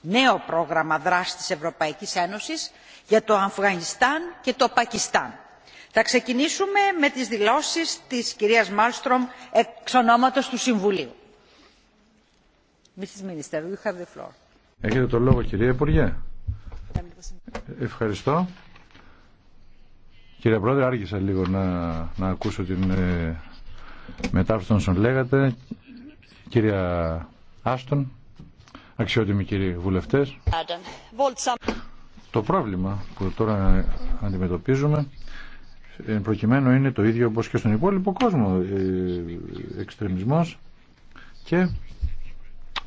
νέο πρόγραμμα δράσης της Ευρωπαϊκής Ένωσης για το Αφγανιστάν και το Πακιστάν. Θα ξεκινήσουμε με τις δηλώσεις της κυρίας Μάλστρομ εξ του Συμβουλίου. Mrs. Minister, you Έχετε το λόγο κυρία Υπουργέ. Ευχαριστώ. Κυρία Πρόεδρε, άργησα λίγο να, ακούσω την ε, μετάφραση των λέγατε. Κυρία Άστον, Αξιότιμοι κύριοι βουλευτές, το πρόβλημα που τώρα αντιμετωπίζουμε ε, προκειμένου είναι το ίδιο όπως και στον υπόλοιπο κόσμο ε, εξτρεμισμός και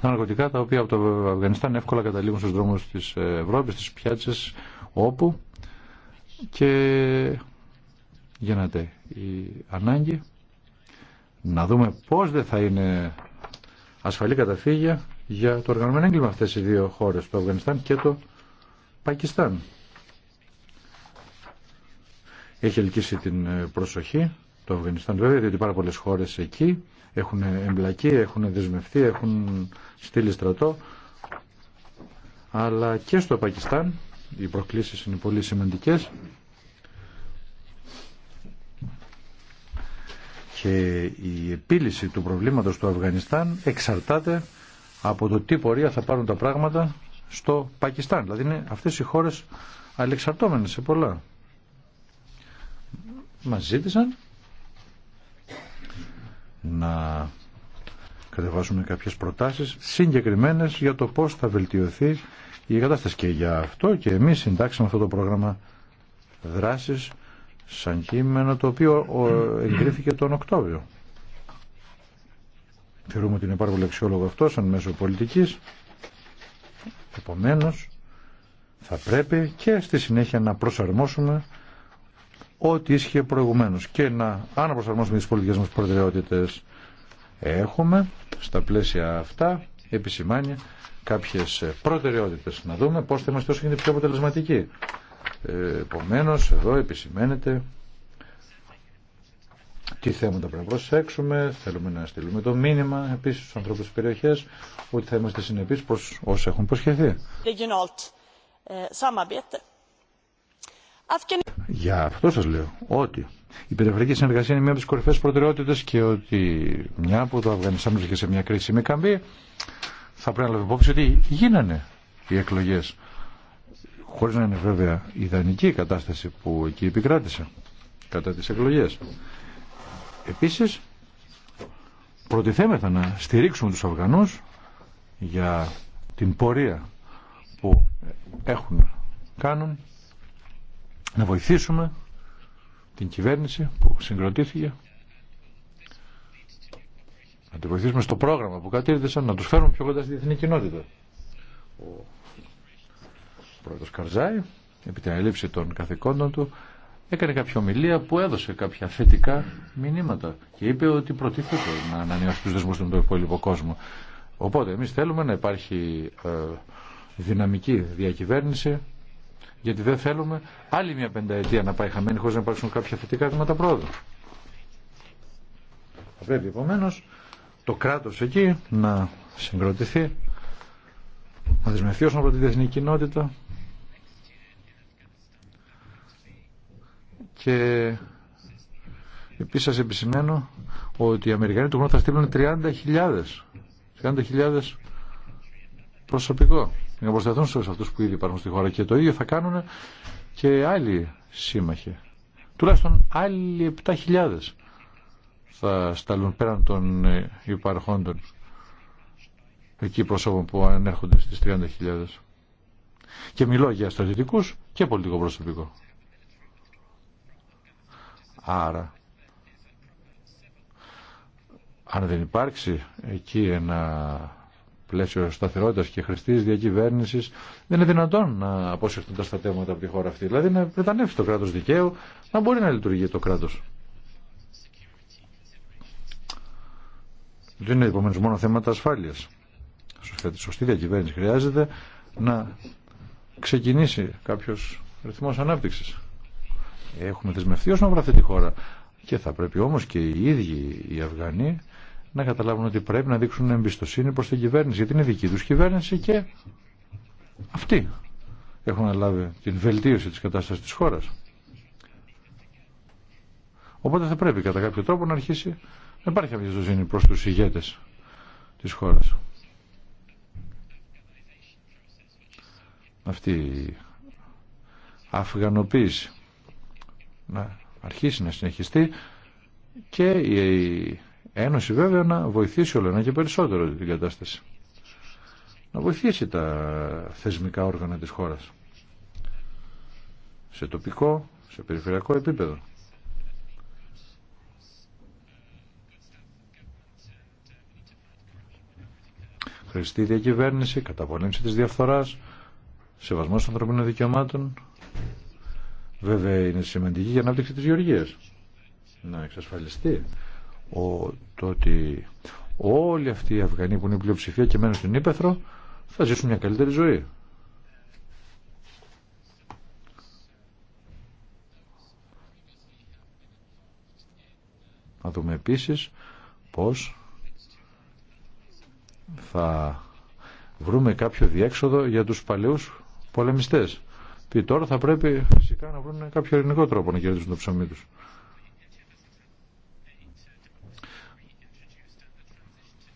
τα ναρκωτικά τα οποία από το Αφγανιστάν εύκολα καταλήγουν στους δρόμους της Ευρώπης, στις πιάτσες όπου και γίνεται η ανάγκη να δούμε πώς δεν θα είναι ασφαλή καταφύγια για το οργανωμένο έγκλημα αυτές οι δύο χώρες, το Αφγανιστάν και το Πακιστάν. Έχει ελκύσει την ε, προσοχή το Αφγανιστάν βέβαια, διότι πάρα πολλές χώρες εκεί έχουν εμπλακεί, έχουν δεσμευτεί, έχουν στείλει στρατό, αλλά και στο Πακιστάν οι προκλήσεις είναι πολύ σημαντικές και η επίλυση του προβλήματος του Αφγανιστάν εξαρτάται από το τι πορεία θα πάρουν τα πράγματα στο Πακιστάν. Δηλαδή είναι αυτές οι χώρες αλεξαρτώμενες σε πολλά. Μας ζήτησαν να κατεβάσουμε κάποιες προτάσεις συγκεκριμένες για το πώς θα βελτιωθεί η κατάσταση. Και για αυτό και εμείς συντάξαμε αυτό το πρόγραμμα δράσης σαν κείμενο το οποίο εγκρίθηκε τον Οκτώβριο. Θεωρούμε ότι είναι πάρα πολύ αξιόλογο αυτό σαν μέσο πολιτικής. Επομένως, θα πρέπει και στη συνέχεια να προσαρμόσουμε ό,τι ίσχυε προηγουμένως και να αναπροσαρμόσουμε τις πολιτικές μας προτεραιότητες. Έχουμε στα πλαίσια αυτά επισημάνει κάποιες προτεραιότητες να δούμε πώς θα είμαστε όσο γίνεται πιο αποτελεσματικοί. Ε, επομένως, εδώ επισημαίνεται τι θέματα πρέπει να προσέξουμε, θέλουμε να στείλουμε το μήνυμα επίση στου ανθρώπου τη περιοχή, ότι θα είμαστε συνεπεί προς όσοι έχουν προσχεθεί. Ε, Για αυτό σα λέω ότι η περιφερειακή συνεργασία είναι μία από τις κορυφαίες προτεραιότητες και ότι μια απο τι κορυφαίε προτεραιοτητες και οτι μια που το Αφγανιστάν βρίσκεται σε μια κρίση με καμπή θα πρέπει να λάβει υπόψη ότι γίνανε οι εκλογέ, χωρί να είναι βέβαια ιδανική η κατάσταση που εκεί επικράτησε κατά τι εκλογέ. Επίσης, προτιθέμεθα να στηρίξουμε τους Αφγανούς για την πορεία που έχουν κάνουν, να βοηθήσουμε την κυβέρνηση που συγκροτήθηκε, να τη βοηθήσουμε στο πρόγραμμα που κατήρθησαν, να τους φέρουν πιο κοντά στη διεθνή κοινότητα. Ο πρόεδρος Καρζάη, επί την των καθηκόντων του, έκανε κάποια ομιλία που έδωσε κάποια θετικά μηνύματα και είπε ότι προτίθεται να ανανεώσει τους δεσμούς του με τον υπόλοιπο κόσμο. Οπότε εμείς θέλουμε να υπάρχει ε, δυναμική διακυβέρνηση γιατί δεν θέλουμε άλλη μια πενταετία να πάει χαμένη χωρίς να υπάρξουν κάποια θετικά βήματα πρόοδου. Θα πρέπει επομένω το κράτος εκεί να συγκροτηθεί, να δεσμευθεί όσον από τη διεθνή κοινότητα, Και επίσης σας επισημαίνω ότι οι Αμερικανοί του χρόνου θα στείλουν 30.000 30.000 προσωπικό για να προσταθούν σε αυτούς που ήδη υπάρχουν στη χώρα και το ίδιο θα κάνουν και άλλοι σύμμαχοι τουλάχιστον άλλοι 7.000 θα σταλούν πέραν των υπαρχόντων εκεί προσώπων που ανέρχονται στις 30.000 και μιλώ για στρατιωτικούς και πολιτικό προσωπικό Άρα, αν δεν υπάρξει εκεί ένα πλαίσιο σταθερότητας και χρηστής διακυβέρνησης, δεν είναι δυνατόν να απόσυρθούν τα στατεύματα από τη χώρα αυτή. Δηλαδή να πρετανεύσει το κράτος δικαίου, να μπορεί να λειτουργεί το κράτος. Δεν είναι επομένως μόνο θέματα ασφάλειας. Σωστή διακυβέρνηση χρειάζεται να ξεκινήσει κάποιος ρυθμός ανάπτυξης έχουμε δεσμευτεί όσον αφορά αυτή τη χώρα. Και θα πρέπει όμως και οι ίδιοι οι Αφγανοί να καταλάβουν ότι πρέπει να δείξουν εμπιστοσύνη προς την κυβέρνηση, γιατί είναι δική του κυβέρνηση και αυτοί έχουν λάβει την βελτίωση της κατάστασης της χώρας. Οπότε θα πρέπει κατά κάποιο τρόπο να αρχίσει να υπάρχει εμπιστοσύνη προ του ηγέτε τη χώρα. Αυτή η αφγανοποίηση να αρχίσει να συνεχιστεί και η Ένωση βέβαια να βοηθήσει όλο ένα και περισσότερο την κατάσταση. Να βοηθήσει τα θεσμικά όργανα της χώρας. Σε τοπικό, σε περιφερειακό επίπεδο. Χρηστή διακυβέρνηση, καταπολέμηση της διαφθοράς, σεβασμός των ανθρωπίνων δικαιωμάτων, βέβαια είναι σημαντική για ανάπτυξη της γεωργίας. Να εξασφαλιστεί ο, το ότι όλοι αυτοί οι Αφγανοί που είναι πλειοψηφία και μένουν στην Ήπεθρο θα ζήσουν μια καλύτερη ζωή. Να δούμε επίσης πώς θα βρούμε κάποιο διέξοδο για τους παλαιούς πολεμιστές τώρα θα πρέπει φυσικά να βρουν κάποιο ελληνικό τρόπο να κερδίσουν το ψωμί τους.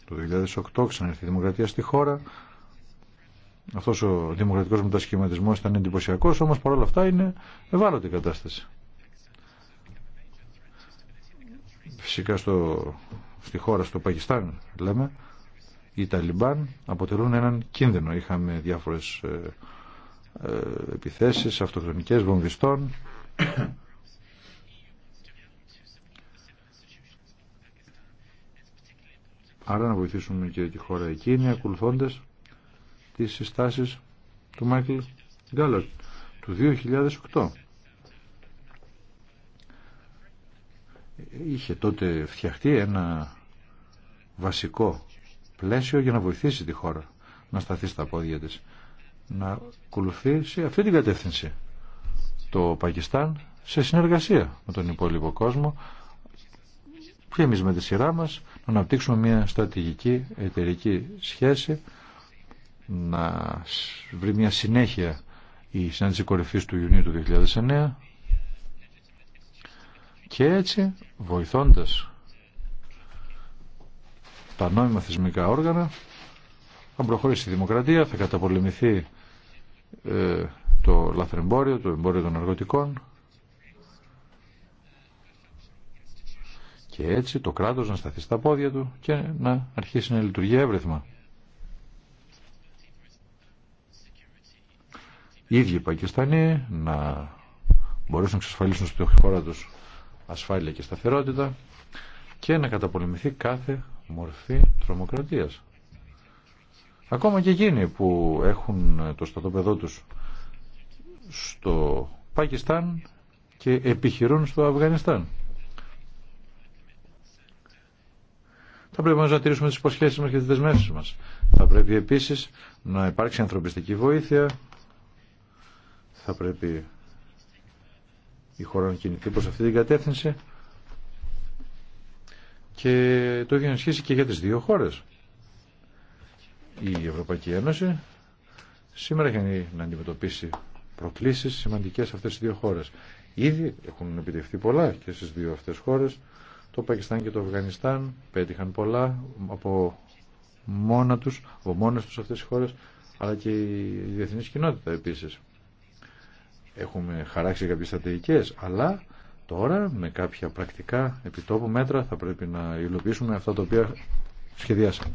Το 2008 ξαναρθεί η δημοκρατία στη χώρα. Αυτός ο δημοκρατικός μετασχηματισμό ήταν εντυπωσιακό, όμω παρόλα αυτά είναι ευάλωτη η κατάσταση. Φυσικά στο, στη χώρα, στο Πακιστάν λέμε, οι Ταλιμπάν αποτελούν έναν κίνδυνο. Είχαμε διάφορες ε, ε, επιθέσεις αυτοκτονικές βομβιστών Άρα να βοηθήσουμε και τη χώρα εκείνη ακολουθώντας τις συστάσεις του Μάικλ Γκάλλαρ του 2008. Είχε τότε φτιαχτεί ένα βασικό πλαίσιο για να βοηθήσει τη χώρα να σταθεί στα πόδια της να ακολουθήσει αυτή την κατεύθυνση το Πακιστάν σε συνεργασία με τον υπόλοιπο κόσμο και εμείς με τη σειρά μας να αναπτύξουμε μια στρατηγική εταιρική σχέση να βρει μια συνέχεια η συνάντηση κορυφής του Ιουνίου του 2009 και έτσι βοηθώντας τα νόμιμα θεσμικά όργανα θα προχωρήσει η δημοκρατία, θα καταπολεμηθεί ε, το λαθρεμπόριο, το εμπόριο των εργοτικών και έτσι το κράτος να σταθεί στα πόδια του και να αρχίσει να λειτουργεί εύρεθμα. Οι ίδιοι οι Πακιστανοί να μπορέσουν να εξασφαλίσουν στη χώρα τους ασφάλεια και σταθερότητα και να καταπολεμηθεί κάθε μορφή τρομοκρατίας. Ακόμα και εκείνοι που έχουν το στατοπεδό τους στο Πακιστάν και επιχειρούν στο Αφγανιστάν. Θα πρέπει να τηρήσουμε τις υποσχέσεις μας και τις δεσμεύσεις μας. Θα πρέπει επίσης να υπάρξει ανθρωπιστική βοήθεια. Θα πρέπει η χώρα να κινηθεί προς αυτή την κατεύθυνση. Και το ίδιο ισχύει και για τις δύο χώρες η Ευρωπαϊκή Ένωση σήμερα έχει να αντιμετωπίσει προκλήσεις σημαντικές σε αυτές τις δύο χώρες. Ήδη έχουν επιτευχθεί πολλά και στις δύο αυτές χώρες. Το Πακιστάν και το Αφγανιστάν πέτυχαν πολλά από μόνα τους, από μόνες τους αυτές οι χώρες, αλλά και η διεθνή κοινότητα επίσης. Έχουμε χαράξει κάποιες στρατηγικές, αλλά τώρα με κάποια πρακτικά επιτόπου μέτρα θα πρέπει να υλοποιήσουμε αυτά τα οποία σχεδιάσαμε.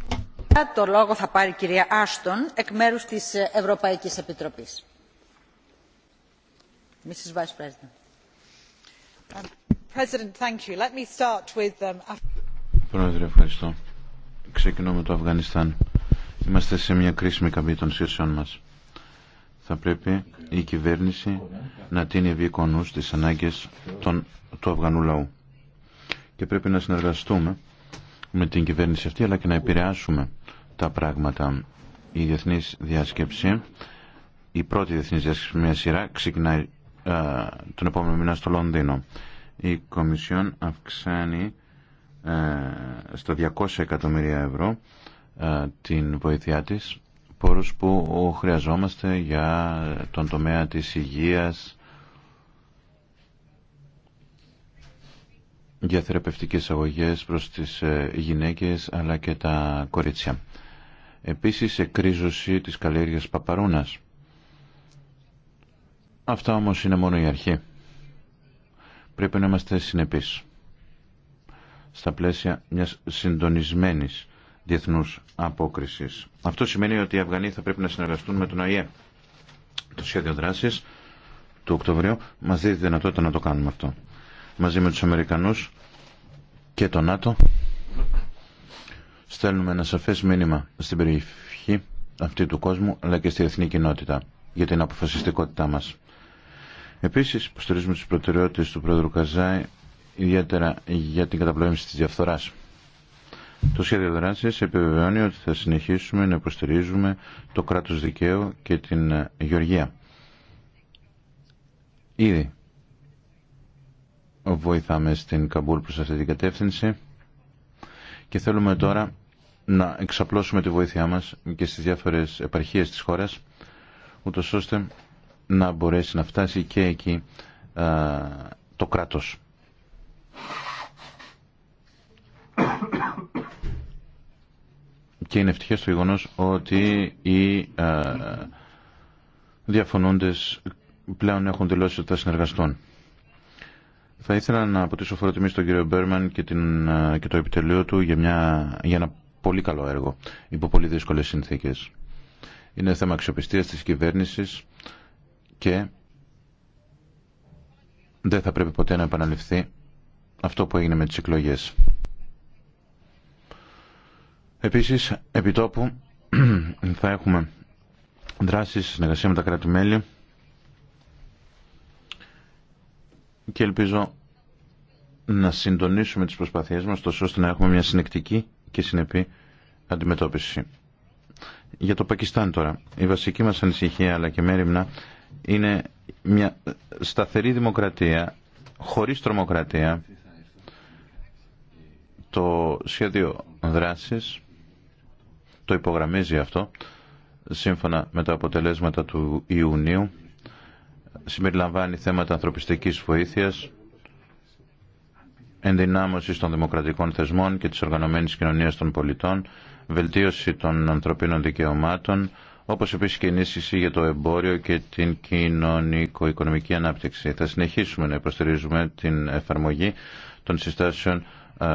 Το λόγο θα πάρει η κυρία Άστον εκ μέρους της Ευρωπαϊκής Επιτροπής. Mrs. Um, Πρόεδρε, ευχαριστώ. Ξεκινώ με το Αφγανιστάν. Είμαστε σε μια κρίσιμη καμπή των σχέσεων μας. Θα πρέπει η κυβέρνηση να τίνει ευήκονους τις ανάγκες των, του Αφγανού λαού. Και πρέπει να συνεργαστούμε με την κυβέρνηση αυτή, αλλά και να επηρεάσουμε τα πράγματα. Η διεθνή διάσκεψη, η πρώτη διεθνή διάσκεψη μια σειρά, ξεκινάει ε, τον επόμενο μήνα στο Λονδίνο. Η Κομισιόν αυξάνει ε, στα 200 εκατομμύρια ευρώ ε, την βοήθειά της πόρους που χρειαζόμαστε για τον τομέα της υγείας, για θεραπευτικές αγωγές προς τις ε, γυναίκες αλλά και τα κορίτσια. Επίσης εκρίζωση της καλλιέργειας παπαρούνας. Αυτά όμως είναι μόνο η αρχή. Πρέπει να είμαστε συνεπείς στα πλαίσια μιας συντονισμένης διεθνούς απόκρισης. Αυτό σημαίνει ότι οι Αφγανοί θα πρέπει να συνεργαστούν με τον ΑΕΕ. Το σχέδιο δράσης του Οκτωβρίου μας δίνει δυνατότητα να το κάνουμε αυτό. Μαζί με τους Αμερικανούς και τον ΝΑΤΟ στέλνουμε ένα σαφές μήνυμα στην περιοχή αυτή του κόσμου αλλά και στη εθνική κοινότητα για την αποφασιστικότητά μας. Επίσης, υποστηρίζουμε τις προτεραιότητες του Πρόεδρου Καζάη ιδιαίτερα για την καταπολέμηση της διαφθοράς. Το σχέδιο δράση επιβεβαιώνει ότι θα συνεχίσουμε να υποστηρίζουμε το κράτος δικαίου και την γεωργία. Ήδη βοηθάμε στην Καμπούλ προς αυτή την κατεύθυνση και θέλουμε τώρα να εξαπλώσουμε τη βοήθειά μας και στις διάφορες επαρχίες της χώρας ούτως ώστε να μπορέσει να φτάσει και εκεί α, το κράτος. Και είναι ευτυχές το γεγονό ότι οι α, διαφωνούντες πλέον έχουν δηλώσει ότι θα συνεργαστούν. Θα ήθελα να αποτύσω φοροτιμή στον κύριο Μπέρμαν και, την, και το επιτελείο του για, μια, για ένα πολύ καλό έργο υπό πολύ δύσκολες συνθήκες. Είναι θέμα αξιοπιστίας της κυβέρνησης και δεν θα πρέπει ποτέ να επαναληφθεί αυτό που έγινε με τις εκλογέ. Επίσης, επιτόπου θα έχουμε δράσεις, συνεργασία με τα κράτη-μέλη και ελπίζω να συντονίσουμε τις προσπαθίες μας τόσο ώστε να έχουμε μια συνεκτική και συνεπή αντιμετώπιση. Για το Πακιστάν τώρα. Η βασική μας ανησυχία αλλά και μέρημνα είναι μια σταθερή δημοκρατία χωρίς τρομοκρατία το σχέδιο δράσης το υπογραμμίζει αυτό σύμφωνα με τα αποτελέσματα του Ιουνίου συμπεριλαμβάνει θέματα ανθρωπιστικής βοήθειας ενδυνάμωση των δημοκρατικών θεσμών και της οργανωμένης κοινωνίας των πολιτών, βελτίωση των ανθρωπίνων δικαιωμάτων, όπως επίσης και ενίσχυση για το εμπόριο και την κοινωνικο-οικονομική ανάπτυξη. Θα συνεχίσουμε να υποστηρίζουμε την εφαρμογή των συστάσεων ε,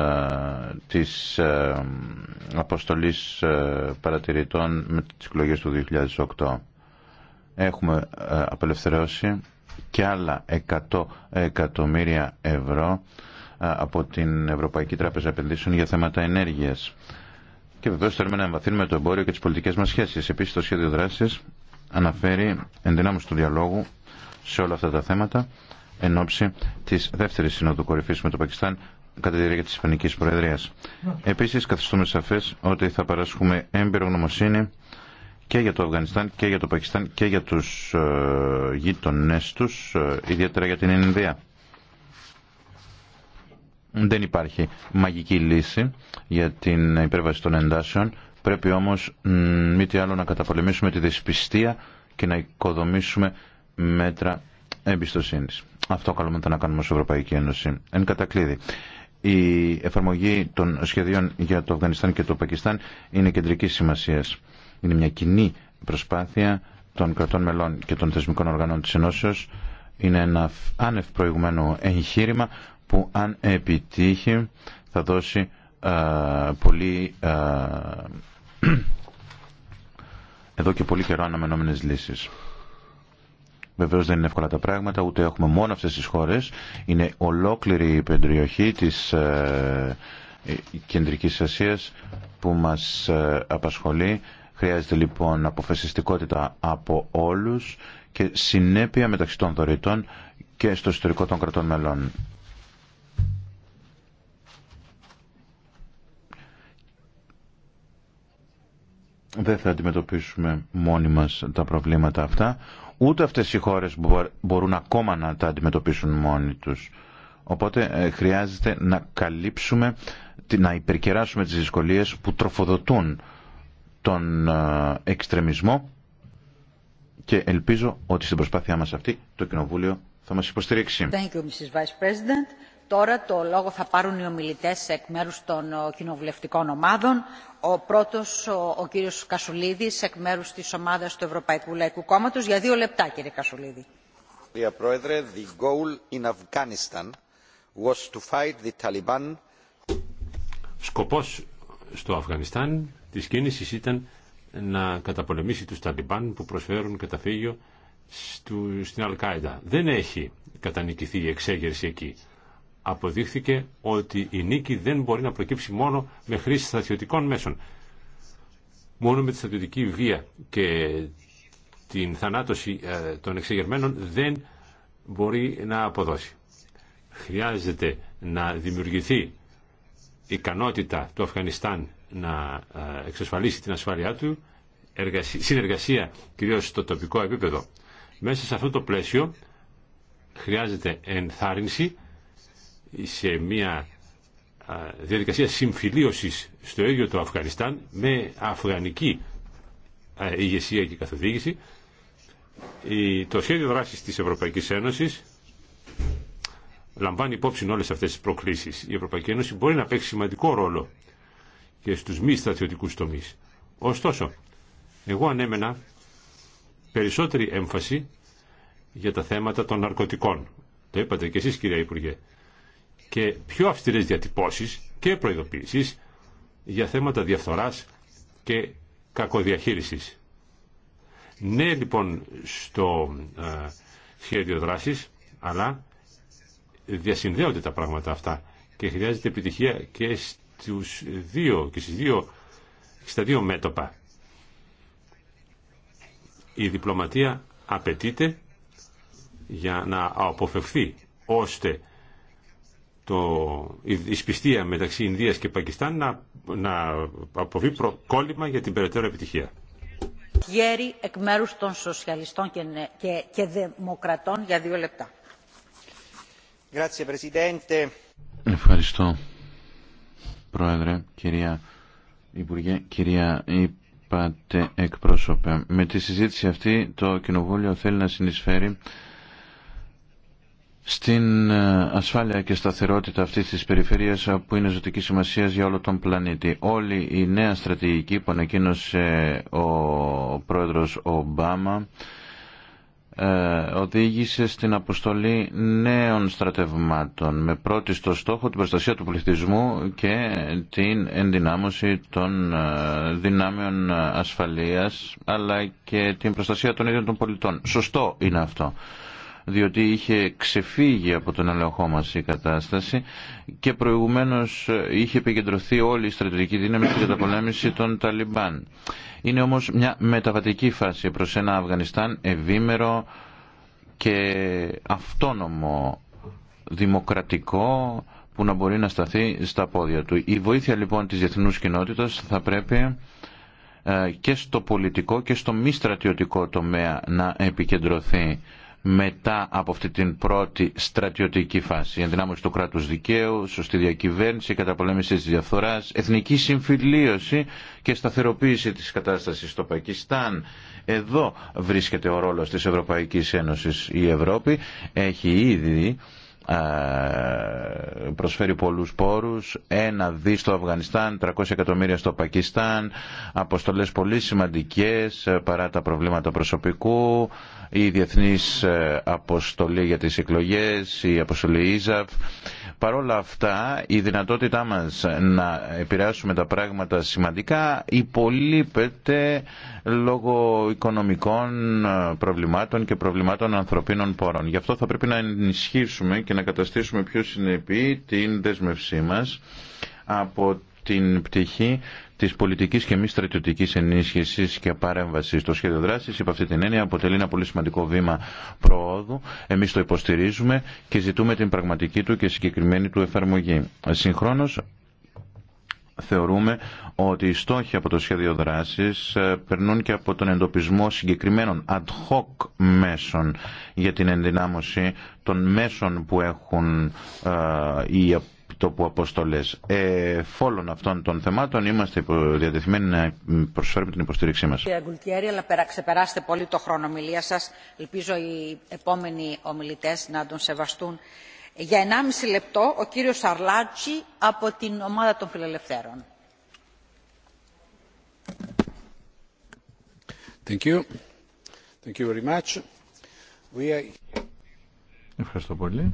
της ε, αποστολής ε, παρατηρητών με τις εκλογέ του 2008. Έχουμε απελευθερώσει και άλλα 100 εκατομμύρια ευρώ από την Ευρωπαϊκή Τράπεζα Επενδύσεων για θέματα ενέργεια Και βεβαίω θέλουμε να εμβαθύνουμε το εμπόριο και τι πολιτικέ μα σχέσει. Επίση, το σχέδιο δράση αναφέρει ενδυνάμωση του διαλόγου σε όλα αυτά τα θέματα εν ώψη τη δεύτερη συνόδου κορυφή με το Πακιστάν κατά τη διάρκεια τη Ισπανική Προεδρία. Επίση, καθιστούμε σαφέ ότι θα παράσχουμε έμπειρο γνωμοσύνη και για το Αφγανιστάν και για το Πακιστάν και για του ε, γείτονέ του, ε, ιδιαίτερα για την Ινδία. Δεν υπάρχει μαγική λύση για την υπέρβαση των εντάσεων. Πρέπει όμως μη τι άλλο να καταπολεμήσουμε τη δυσπιστία και να οικοδομήσουμε μέτρα εμπιστοσύνη. Αυτό καλούμε να κάνουμε ως Ευρωπαϊκή Ένωση. Εν κατακλείδη. Η εφαρμογή των σχεδίων για το Αφγανιστάν και το Πακιστάν είναι κεντρική σημασία. Είναι μια κοινή προσπάθεια των κρατών μελών και των θεσμικών οργανών της Ενώσεως. Είναι ένα άνευ προηγουμένο εγχείρημα που αν επιτύχει θα δώσει πολύ εδώ και πολύ καιρό αναμενόμενες λύσεις. Βεβαίως δεν είναι εύκολα τα πράγματα, ούτε έχουμε μόνο αυτές τις χώρες. Είναι ολόκληρη η περιοχή της ε, Κεντρικής Ασίας που μας απασχολεί. Χρειάζεται λοιπόν αποφασιστικότητα από όλους και συνέπεια μεταξύ των δωρητών και στο ιστορικό των κρατών μελών. δεν θα αντιμετωπίσουμε μόνοι μας τα προβλήματα αυτά, ούτε αυτές οι χώρες μπορούν ακόμα να τα αντιμετωπίσουν μόνοι τους. Οπότε ε, χρειάζεται να καλύψουμε, να υπερκεράσουμε τις δυσκολίες που τροφοδοτούν τον ε, εξτρεμισμό και ελπίζω ότι στην προσπάθειά μας αυτή το Κοινοβούλιο θα μας υποστηρίξει. Τώρα το λόγο θα πάρουν οι ομιλητές εκ μέρους των ε, κοινοβουλευτικών ομάδων. Ο πρώτος, ο κύριος Κασουλίδης, εκ μέρους της ομάδας του Ευρωπαϊκού Λαϊκού Κόμματος. Για δύο λεπτά, κύριε Κασουλίδη. Κύριε Σκοπός στο Αφγανιστάν της κίνησης ήταν να καταπολεμήσει τους Ταλιμπάν που προσφέρουν καταφύγιο στην Αλκάιδα. Δεν έχει κατανικηθεί η εξέγερση εκεί αποδείχθηκε ότι η νίκη δεν μπορεί να προκύψει μόνο με χρήση στρατιωτικών μέσων. Μόνο με τη στρατιωτική βία και την θανάτωση ε, των εξεγερμένων δεν μπορεί να αποδώσει. Χρειάζεται να δημιουργηθεί ικανότητα του Αφγανιστάν να ε, εξασφαλίσει την ασφάλειά του, συνεργασία κυρίως στο τοπικό επίπεδο. Μέσα σε αυτό το πλαίσιο χρειάζεται ενθάρρυνση σε μια διαδικασία συμφιλίωσης στο ίδιο το Αφγανιστάν με αφγανική ηγεσία και καθοδήγηση το σχέδιο δράσης της Ευρωπαϊκής Ένωσης λαμβάνει υπόψη όλες αυτές τις προκλήσεις. Η Ευρωπαϊκή Ένωση μπορεί να παίξει σημαντικό ρόλο και στους μη στρατιωτικούς τομείς. Ωστόσο, εγώ ανέμενα περισσότερη έμφαση για τα θέματα των ναρκωτικών. Το είπατε και εσείς κυρία Υπουργέ και πιο αυστηρές διατυπώσεις και προειδοποίησεις για θέματα διαφθοράς και κακοδιαχείρισης. Ναι λοιπόν στο ε, σχέδιο δράσης, αλλά διασυνδέονται τα πράγματα αυτά και χρειάζεται επιτυχία και, στους δύο, και στις δύο, στα δύο μέτωπα. Η διπλωματία απαιτείται για να αποφευθεί ώστε το, η σπιστία μεταξύ Ινδίας και Πακιστάν να, να αποβεί προκόλλημα για την περαιτέρω επιτυχία. Γέρι εκ των Σοσιαλιστών και, και, και Δημοκρατών για δύο λεπτά. Ευχαριστώ, Πρόεδρε, κυρία Υπουργέ, κυρία Υπάτε εκπρόσωπε. Με τη συζήτηση αυτή το Κοινοβούλιο θέλει να συνεισφέρει στην ε, ασφάλεια και σταθερότητα αυτή τη περιφερεια, που είναι ζωτική σημασία για όλο τον πλανήτη. Όλη η νέα στρατηγική που ανακοίνωσε ο πρόεδρος Ομπάμα ε, οδήγησε στην αποστολή νέων στρατευμάτων με πρώτη στο στόχο την προστασία του πληθυσμού και την ενδυνάμωση των ε, δυνάμεων ασφαλείας αλλά και την προστασία των ίδιων των πολιτών. Σωστό είναι αυτό διότι είχε ξεφύγει από τον ελεγχό μας η κατάσταση και προηγουμένως είχε επικεντρωθεί όλη η στρατηγική δύναμη στην καταπολέμηση των Ταλιμπάν. Είναι όμως μια μεταβατική φάση προς ένα Αφγανιστάν ευήμερο και αυτόνομο δημοκρατικό που να μπορεί να σταθεί στα πόδια του. Η βοήθεια λοιπόν της διεθνούς κοινότητας θα πρέπει ε, και στο πολιτικό και στο μη στρατιωτικό τομέα να επικεντρωθεί μετά από αυτή την πρώτη στρατιωτική φάση. Η ενδυνάμωση του κράτους δικαίου, σωστή διακυβέρνηση, καταπολέμηση της διαφθοράς, εθνική συμφιλίωση και σταθεροποίηση της κατάστασης στο Πακιστάν. Εδώ βρίσκεται ο ρόλος της Ευρωπαϊκής Ένωσης. Η Ευρώπη έχει ήδη προσφέρει πολλούς πόρους ένα δι στο Αφγανιστάν 300 εκατομμύρια στο Πακιστάν αποστολές πολύ σημαντικές παρά τα προβλήματα προσωπικού η Διεθνής ε, Αποστολή για τις Εκλογές, η Αποστολή Ίζαφ. Παρόλα αυτά, η δυνατότητά μας να επηρεάσουμε τα πράγματα σημαντικά υπολείπεται λόγω οικονομικών ε, προβλημάτων και προβλημάτων ανθρωπίνων πόρων. Γι' αυτό θα πρέπει να ενισχύσουμε και να καταστήσουμε πιο συνεπή την δέσμευσή μας από την πτυχή της πολιτικής και μη στρατιωτικής ενίσχυσης και παρέμβασης. στο σχέδιο δράσης, υπ' αυτή την έννοια, αποτελεί ένα πολύ σημαντικό βήμα προόδου. Εμείς το υποστηρίζουμε και ζητούμε την πραγματική του και συγκεκριμένη του εφαρμογή. Συγχρόνως, θεωρούμε ότι οι στόχοι από το σχέδιο δράσης ε, περνούν και από τον εντοπισμό συγκεκριμένων ad hoc μέσων για την ενδυνάμωση των μέσων που έχουν ε, οι το αποστολές. Ε, φόλων αυτών των θεμάτων είμαστε διατεθειμένοι να προσφέρουμε την υποστήριξή μας. Κύριε Γκουλτιέρη, αλλά ξεπεράσετε πολύ το χρόνο ομιλία σας. Ελπίζω οι επόμενοι ομιλητές να τον σεβαστούν. Για 1,5 λεπτό ο κύριος Αρλάτσι από την ομάδα των φιλελευθέρων. Thank you. Thank you very much. We are... Ευχαριστώ πολύ.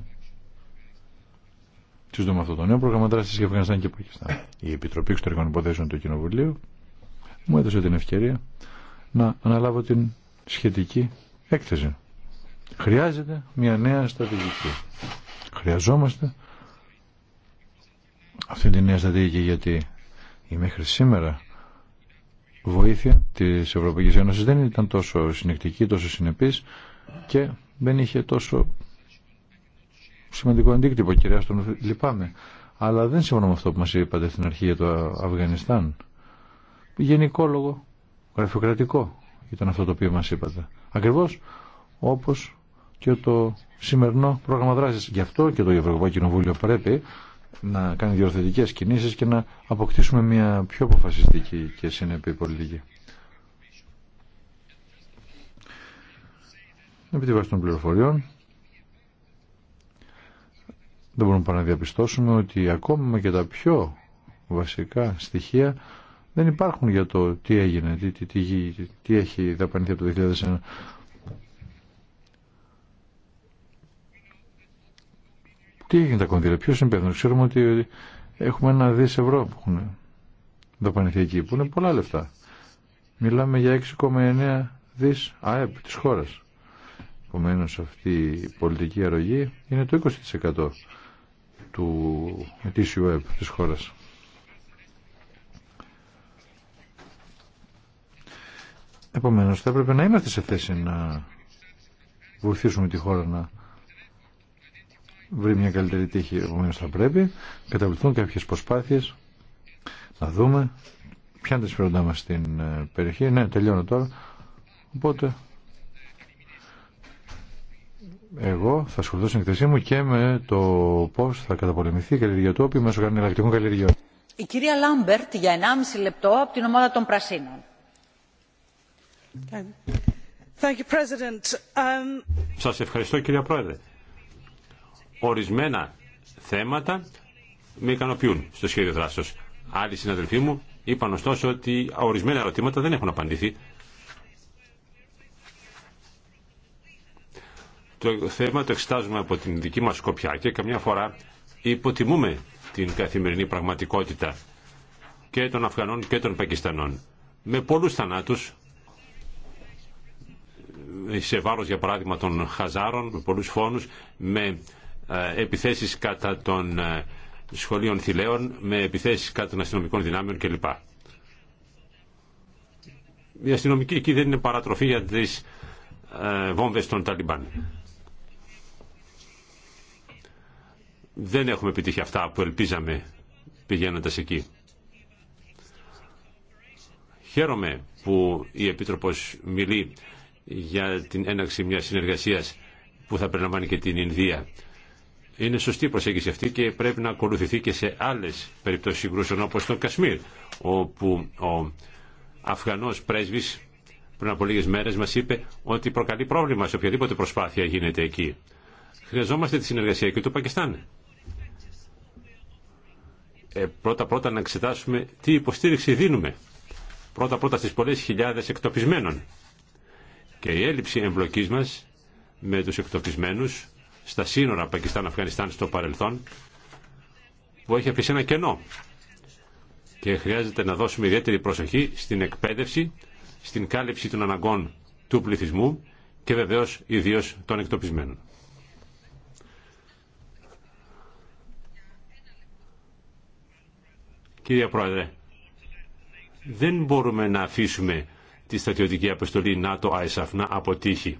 Τι δούμε αυτό το νέο πρόγραμμα δράση για Αφγανιστάν και Πακιστάν. Η Επιτροπή Εξωτερικών Υποθέσεων του Κοινοβουλίου μου έδωσε την ευκαιρία να αναλάβω την σχετική έκθεση. Χρειάζεται μια νέα στρατηγική. Χρειαζόμαστε αυτή τη νέα στρατηγική γιατί η μέχρι σήμερα βοήθεια της Ευρωπαϊκής Ένωση δεν ήταν τόσο συνεκτική, τόσο συνεπής και δεν είχε τόσο σημαντικό αντίκτυπο, κυρία Στον, λυπάμαι. Αλλά δεν συμφωνώ με αυτό που μας είπατε στην αρχή για το Αφγανιστάν. λόγο, γραφειοκρατικό ήταν αυτό το οποίο μας είπατε. Ακριβώς όπως και το σημερινό πρόγραμμα δράσης. Γι' αυτό και το Ευρωπαϊκό Κοινοβούλιο πρέπει να κάνει διορθωτικές κινήσεις και να αποκτήσουμε μια πιο αποφασιστική και συνεπή πολιτική. Επί τη βάση των πληροφοριών δεν μπορούμε παρά να διαπιστώσουμε ότι ακόμα και τα πιο βασικά στοιχεία δεν υπάρχουν για το τι έγινε, τι, τι, τι, τι έχει δαπανηθεί από το 2001. Τι έγινε τα κονδύλια, ποιος είναι Ξέρουμε ότι έχουμε ένα δις ευρώ που έχουν δαπανηθεί εκεί, που είναι πολλά λεφτά. Μιλάμε για 6,9 δις ΑΕΠ της χώρας. Επομένω αυτή η πολιτική αρρωγή είναι το 20% του ετήσιου ΕΠ της χώρας. Επομένως θα έπρεπε να είμαστε σε θέση να βοηθήσουμε τη χώρα να βρει μια καλύτερη τύχη. Επομένως θα πρέπει καταβληθούν κάποιες προσπάθειες να δούμε ποια είναι τα συμφέροντά μας στην ε, περιοχή. Ναι, τελειώνω τώρα. Οπότε εγώ θα ασχοληθώ στην εκθεσή μου και με το πώ θα καταπολεμηθεί η καλλιεργία του όποιου μέσω εναλλακτικών καλλιεργιών. Η κυρία Λάμπερτ για 1,5 λεπτό από την ομάδα των Πρασίνων. Thank um, Σας ευχαριστώ κυρία Πρόεδρε. Ορισμένα θέματα με ικανοποιούν στο σχέδιο δράσεως. Άλλοι συναδελφοί μου είπαν ωστόσο ότι ορισμένα ερωτήματα δεν έχουν απαντηθεί Το θέμα το εξετάζουμε από την δική μας σκοπιά και καμιά φορά υποτιμούμε την καθημερινή πραγματικότητα και των Αφγανών και των Πακιστανών. Με πολλούς θανάτους, σε βάρος για παράδειγμα των Χαζάρων, με πολλούς φόνους, με ε, επιθέσεις κατά των ε, σχολείων θηλαίων, με επιθέσεις κατά των αστυνομικών δυνάμεων κλπ. Η αστυνομική εκεί δεν είναι παρατροφή για τις ε, βόμβες των Ταλιμπάν. δεν έχουμε επιτύχει αυτά που ελπίζαμε πηγαίνοντας εκεί. Χαίρομαι που η Επίτροπος μιλεί για την έναρξη μιας συνεργασίας που θα περιλαμβάνει και την Ινδία. Είναι σωστή η προσέγγιση αυτή και πρέπει να ακολουθηθεί και σε άλλες περιπτώσεις συγκρούσεων όπως το Κασμίρ, όπου ο Αφγανός πρέσβης πριν από λίγες μέρες μας είπε ότι προκαλεί πρόβλημα σε οποιαδήποτε προσπάθεια γίνεται εκεί. Χρειαζόμαστε τη συνεργασία και του Πακιστάν πρώτα-πρώτα ε, να εξετάσουμε τι υποστήριξη δίνουμε. Πρώτα-πρώτα στις πολλές χιλιάδες εκτοπισμένων. Και η έλλειψη εμπλοκής μας με τους εκτοπισμένους στα σύνορα Πακιστάν-Αφγανιστάν στο παρελθόν που έχει αφήσει ένα κενό. Και χρειάζεται να δώσουμε ιδιαίτερη προσοχή στην εκπαίδευση, στην κάλυψη των αναγκών του πληθυσμού και βεβαίως ιδίως των εκτοπισμένων. Κύριε Πρόεδρε, δεν μπορούμε να αφήσουμε τη στρατιωτική αποστολή ΝΑΤΟ-ΑΕΣΑΦ να αποτύχει.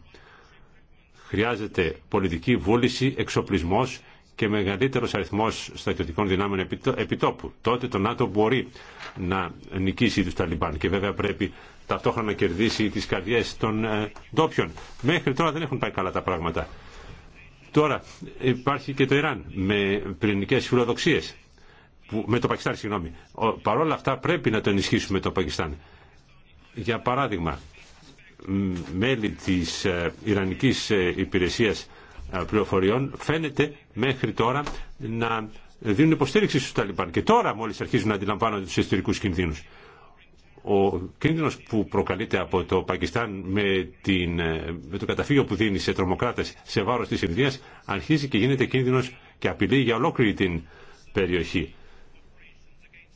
Χρειάζεται πολιτική βούληση, εξοπλισμός και μεγαλύτερος αριθμός στρατιωτικών δυνάμεων επιτόπου. Τότε το ΝΑΤΟ μπορεί να νικήσει τους Ταλιμπάν και βέβαια πρέπει ταυτόχρονα να κερδίσει τις καρδιές των ε, ντόπιων. Μέχρι τώρα δεν έχουν πάει καλά τα πράγματα. Τώρα υπάρχει και το Ιράν με πυρηνικέ φιλοδοξίες με το Πακιστάν, συγγνώμη. Παρ' όλα αυτά πρέπει να το ενισχύσουμε το Πακιστάν. Για παράδειγμα, μέλη της ε, Ιρανικής ε, Υπηρεσίας ε, Πληροφοριών φαίνεται μέχρι τώρα να δίνουν υποστήριξη στους Ταλιμπάν και τώρα μόλις αρχίζουν να αντιλαμβάνονται τους εσωτερικούς κινδύνους. Ο κίνδυνος που προκαλείται από το Πακιστάν με, την, με το καταφύγιο που δίνει σε τρομοκράτες σε βάρος της Ινδίας αρχίζει και γίνεται κίνδυνος και απειλή για ολόκληρη την περιοχή.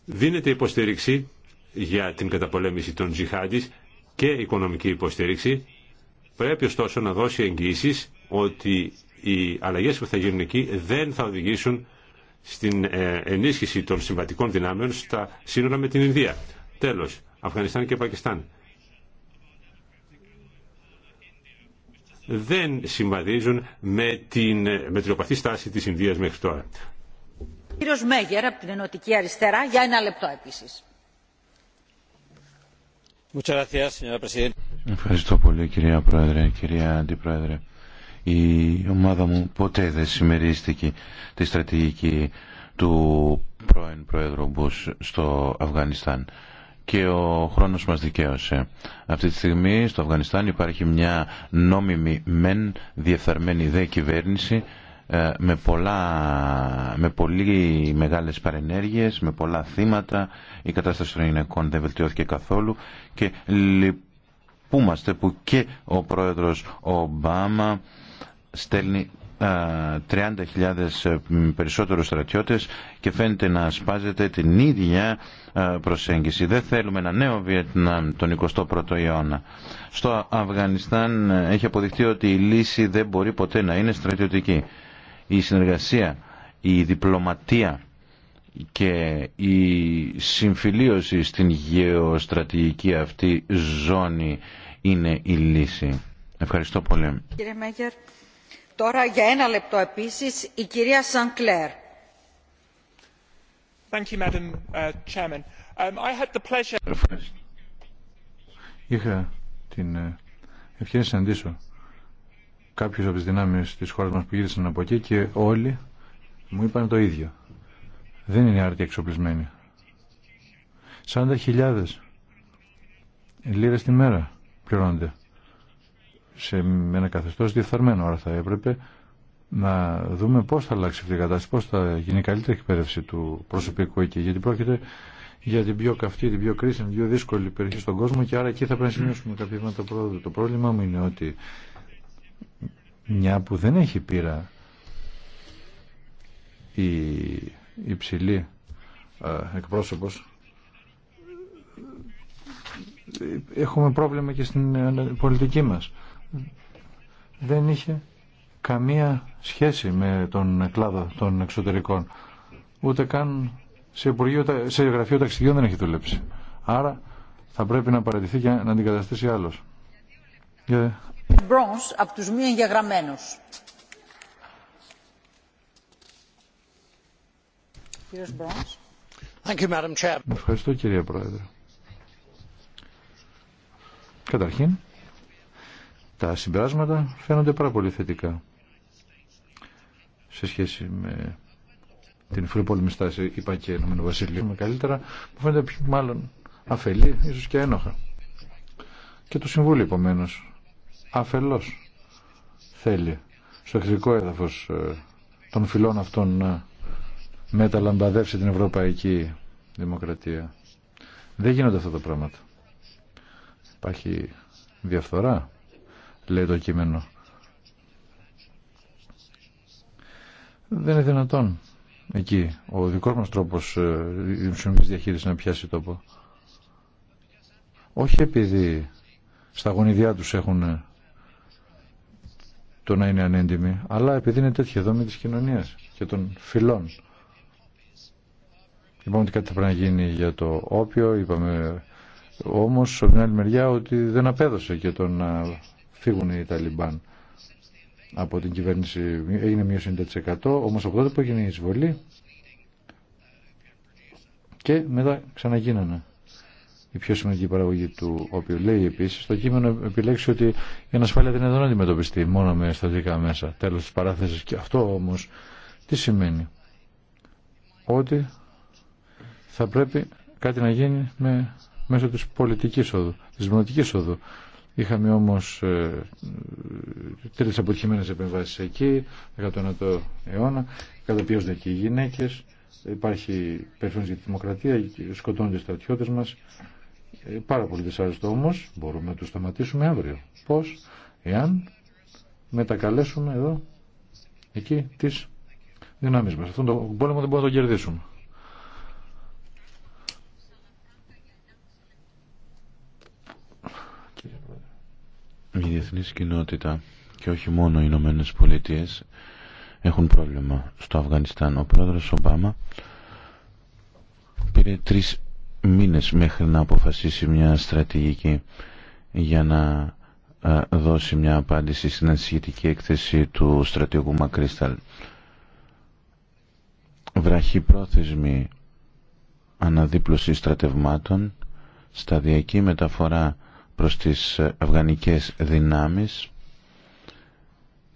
Δίνεται υποστήριξη για την καταπολέμηση των τζιχάντης και οικονομική υποστήριξη. Πρέπει ωστόσο να δώσει εγγύησει ότι οι αλλαγές που θα γίνουν εκεί δεν θα οδηγήσουν στην ε, ενίσχυση των συμβατικών δυνάμεων στα σύνορα με την Ινδία. Τέλος, Αφγανιστάν και Πακιστάν. δεν συμβαδίζουν με την ε, μετριοπαθή στάση της Ινδίας μέχρι τώρα από την Αριστερά για ένα λεπτό Ευχαριστώ πολύ κυρία Πρόεδρε, κυρία Αντιπρόεδρε. Η ομάδα μου ποτέ δεν συμμερίστηκε τη στρατηγική του πρώην Πρόεδρου Μπούς στο Αφγανιστάν και ο χρόνος μας δικαίωσε. Αυτή τη στιγμή στο Αφγανιστάν υπάρχει μια νόμιμη μεν διεφθαρμένη δε κυβέρνηση ε, με, πολλά, με πολύ μεγάλες παρενέργειες, με πολλά θύματα. Η κατάσταση των γυναικών δεν βελτιώθηκε καθόλου και λυπούμαστε που και ο πρόεδρος Ομπάμα στέλνει 30.000 ε, ε, περισσότερους στρατιώτες και φαίνεται να σπάζεται την ίδια προσέγγιση. Δεν θέλουμε ένα νέο Βιετνάμ τον 21ο αιώνα. Στο Αφγανιστάν έχει αποδειχτεί ότι η λύση δεν μπορεί ποτέ να είναι στρατιωτική η συνεργασία, η διπλωματία και η συμφιλίωση στην γεωστρατηγική αυτή ζώνη είναι η λύση. Ευχαριστώ πολύ. Κύριε Μέγερ, τώρα για ένα λεπτό επίσης η κυρία Σανκλέρ. Thank you, Madam uh, Chairman. Um, I had the pleasure... Είχα την ε, ευκαιρία να συναντήσω κάποιο από τι δυνάμει τη χώρα μα που γύρισαν από εκεί και όλοι μου είπαν το ίδιο. Δεν είναι άρτια εξοπλισμένοι. 40.000 λίρε τη μέρα πληρώνονται σε ένα καθεστώ διεφθαρμένο. Άρα θα έπρεπε να δούμε πώ θα αλλάξει αυτή η κατάσταση, πώ θα γίνει καλύτερη εκπαίδευση του προσωπικού εκεί. Γιατί πρόκειται για την πιο καυτή, την πιο κρίσιμη, την πιο δύσκολη περιοχή στον κόσμο και άρα εκεί θα πρέπει να σημειώσουμε κάποια βήματα Το πρόβλημά μου είναι ότι μια που δεν έχει πείρα η υψηλή ε, εκπρόσωπος έχουμε πρόβλημα και στην ε, πολιτική μας δεν είχε καμία σχέση με τον κλάδο των εξωτερικών ούτε καν σε, υπουργείο, σε γραφείο ταξιδιών δεν έχει δουλέψει άρα θα πρέπει να παρατηθεί και να αντικαταστήσει άλλος ε, Μπρονς, Ευχαριστώ κύριε Πρόεδρε. Καταρχήν, τα συμπεράσματα φαίνονται πάρα πολύ θετικά σε σχέση με την φρύπολη στάση είπα και Ενωμένο Βασίλειο με καλύτερα, που φαίνεται μάλλον αφελή, ίσως και ένοχα. Και το Συμβούλιο επομένω αφελώς θέλει στο εχθρικό έδαφος ε, των φυλών αυτών να μεταλαμπαδεύσει την ευρωπαϊκή δημοκρατία. Δεν γίνονται αυτά τα πράγματα. Υπάρχει διαφθορά, λέει το κείμενο. Δεν είναι δυνατόν εκεί ο δικός μας τρόπος ε, δημοσιονομικής διαχείρισης να πιάσει τόπο. Όχι επειδή στα γονιδιά τους έχουν ε, το να είναι ανέντιμη, αλλά επειδή είναι τέτοια δόμη της κοινωνίας και των φυλών. Είπαμε ότι κάτι θα πρέπει να γίνει για το όπιο, είπαμε όμως από την άλλη μεριά ότι δεν απέδωσε και το να φύγουν οι Ταλιμπάν από την κυβέρνηση. Έγινε μείωση 90% όμως από τότε που έγινε η εισβολή και μετά ξαναγίνανε η πιο σημαντική παραγωγή του οποίου λέει επίση στο κείμενο επιλέξει ότι η ανασφάλεια δεν είναι να αντιμετωπιστεί μόνο με στατικά μέσα τέλο τη παράθεση. και αυτό όμω τι σημαίνει ότι θα πρέπει κάτι να γίνει με, μέσω της πολιτικής οδού της δημοτικής οδού Είχαμε όμως ε, τρεις αποτυχημένες επεμβάσεις εκεί, 19ο αιώνα, καταπιέζονται και οι γυναίκε, υπάρχει περιφέρεια για τη δημοκρατία, σκοτώνονται οι στρατιώτες μας ε, πάρα πολύ δυσάρεστο όμως, μπορούμε να το σταματήσουμε αύριο. Πώς, εάν μετακαλέσουμε εδώ, εκεί, τις δυνάμεις μας. Αυτόν τον πόλεμο δεν μπορούμε να τον κερδίσουμε. Η διεθνή κοινότητα και όχι μόνο οι Ηνωμένε Πολιτείε έχουν πρόβλημα στο Αφγανιστάν. Ο πρόεδρος Ομπάμα πήρε τρεις μήνες μέχρι να αποφασίσει μια στρατηγική για να ε, δώσει μια απάντηση στην ανησυχητική έκθεση του στρατηγού Μακρίσταλ. Βραχυπρόθεσμη αναδίπλωση στρατευμάτων, σταδιακή μεταφορά προς τις ε, αφγανικές δυνάμεις,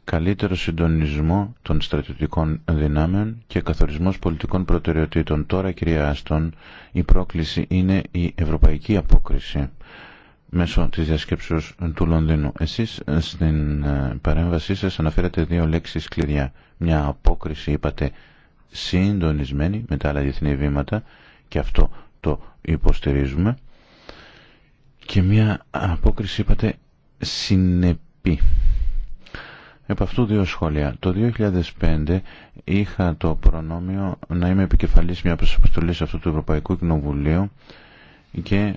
καλύτερο συντονισμό των στρατιωτικών δυνάμεων και καθορισμός πολιτικών προτεραιοτήτων. Τώρα, κυρία Άστον, η πρόκληση είναι η ευρωπαϊκή απόκριση μέσω της διασκέψεως του Λονδίνου. Εσείς στην ε, παρέμβασή σας αναφέρατε δύο λέξεις κλειδιά. Μια απόκριση, είπατε, συντονισμένη με τα άλλα διεθνή βήματα και αυτό το υποστηρίζουμε. Και μια απόκριση, είπατε, συνεπή Επ' αυτού δύο σχόλια. Το 2005 είχα το προνόμιο να είμαι επικεφαλής μια αποστολής αυτού του Ευρωπαϊκού Κοινοβουλίου και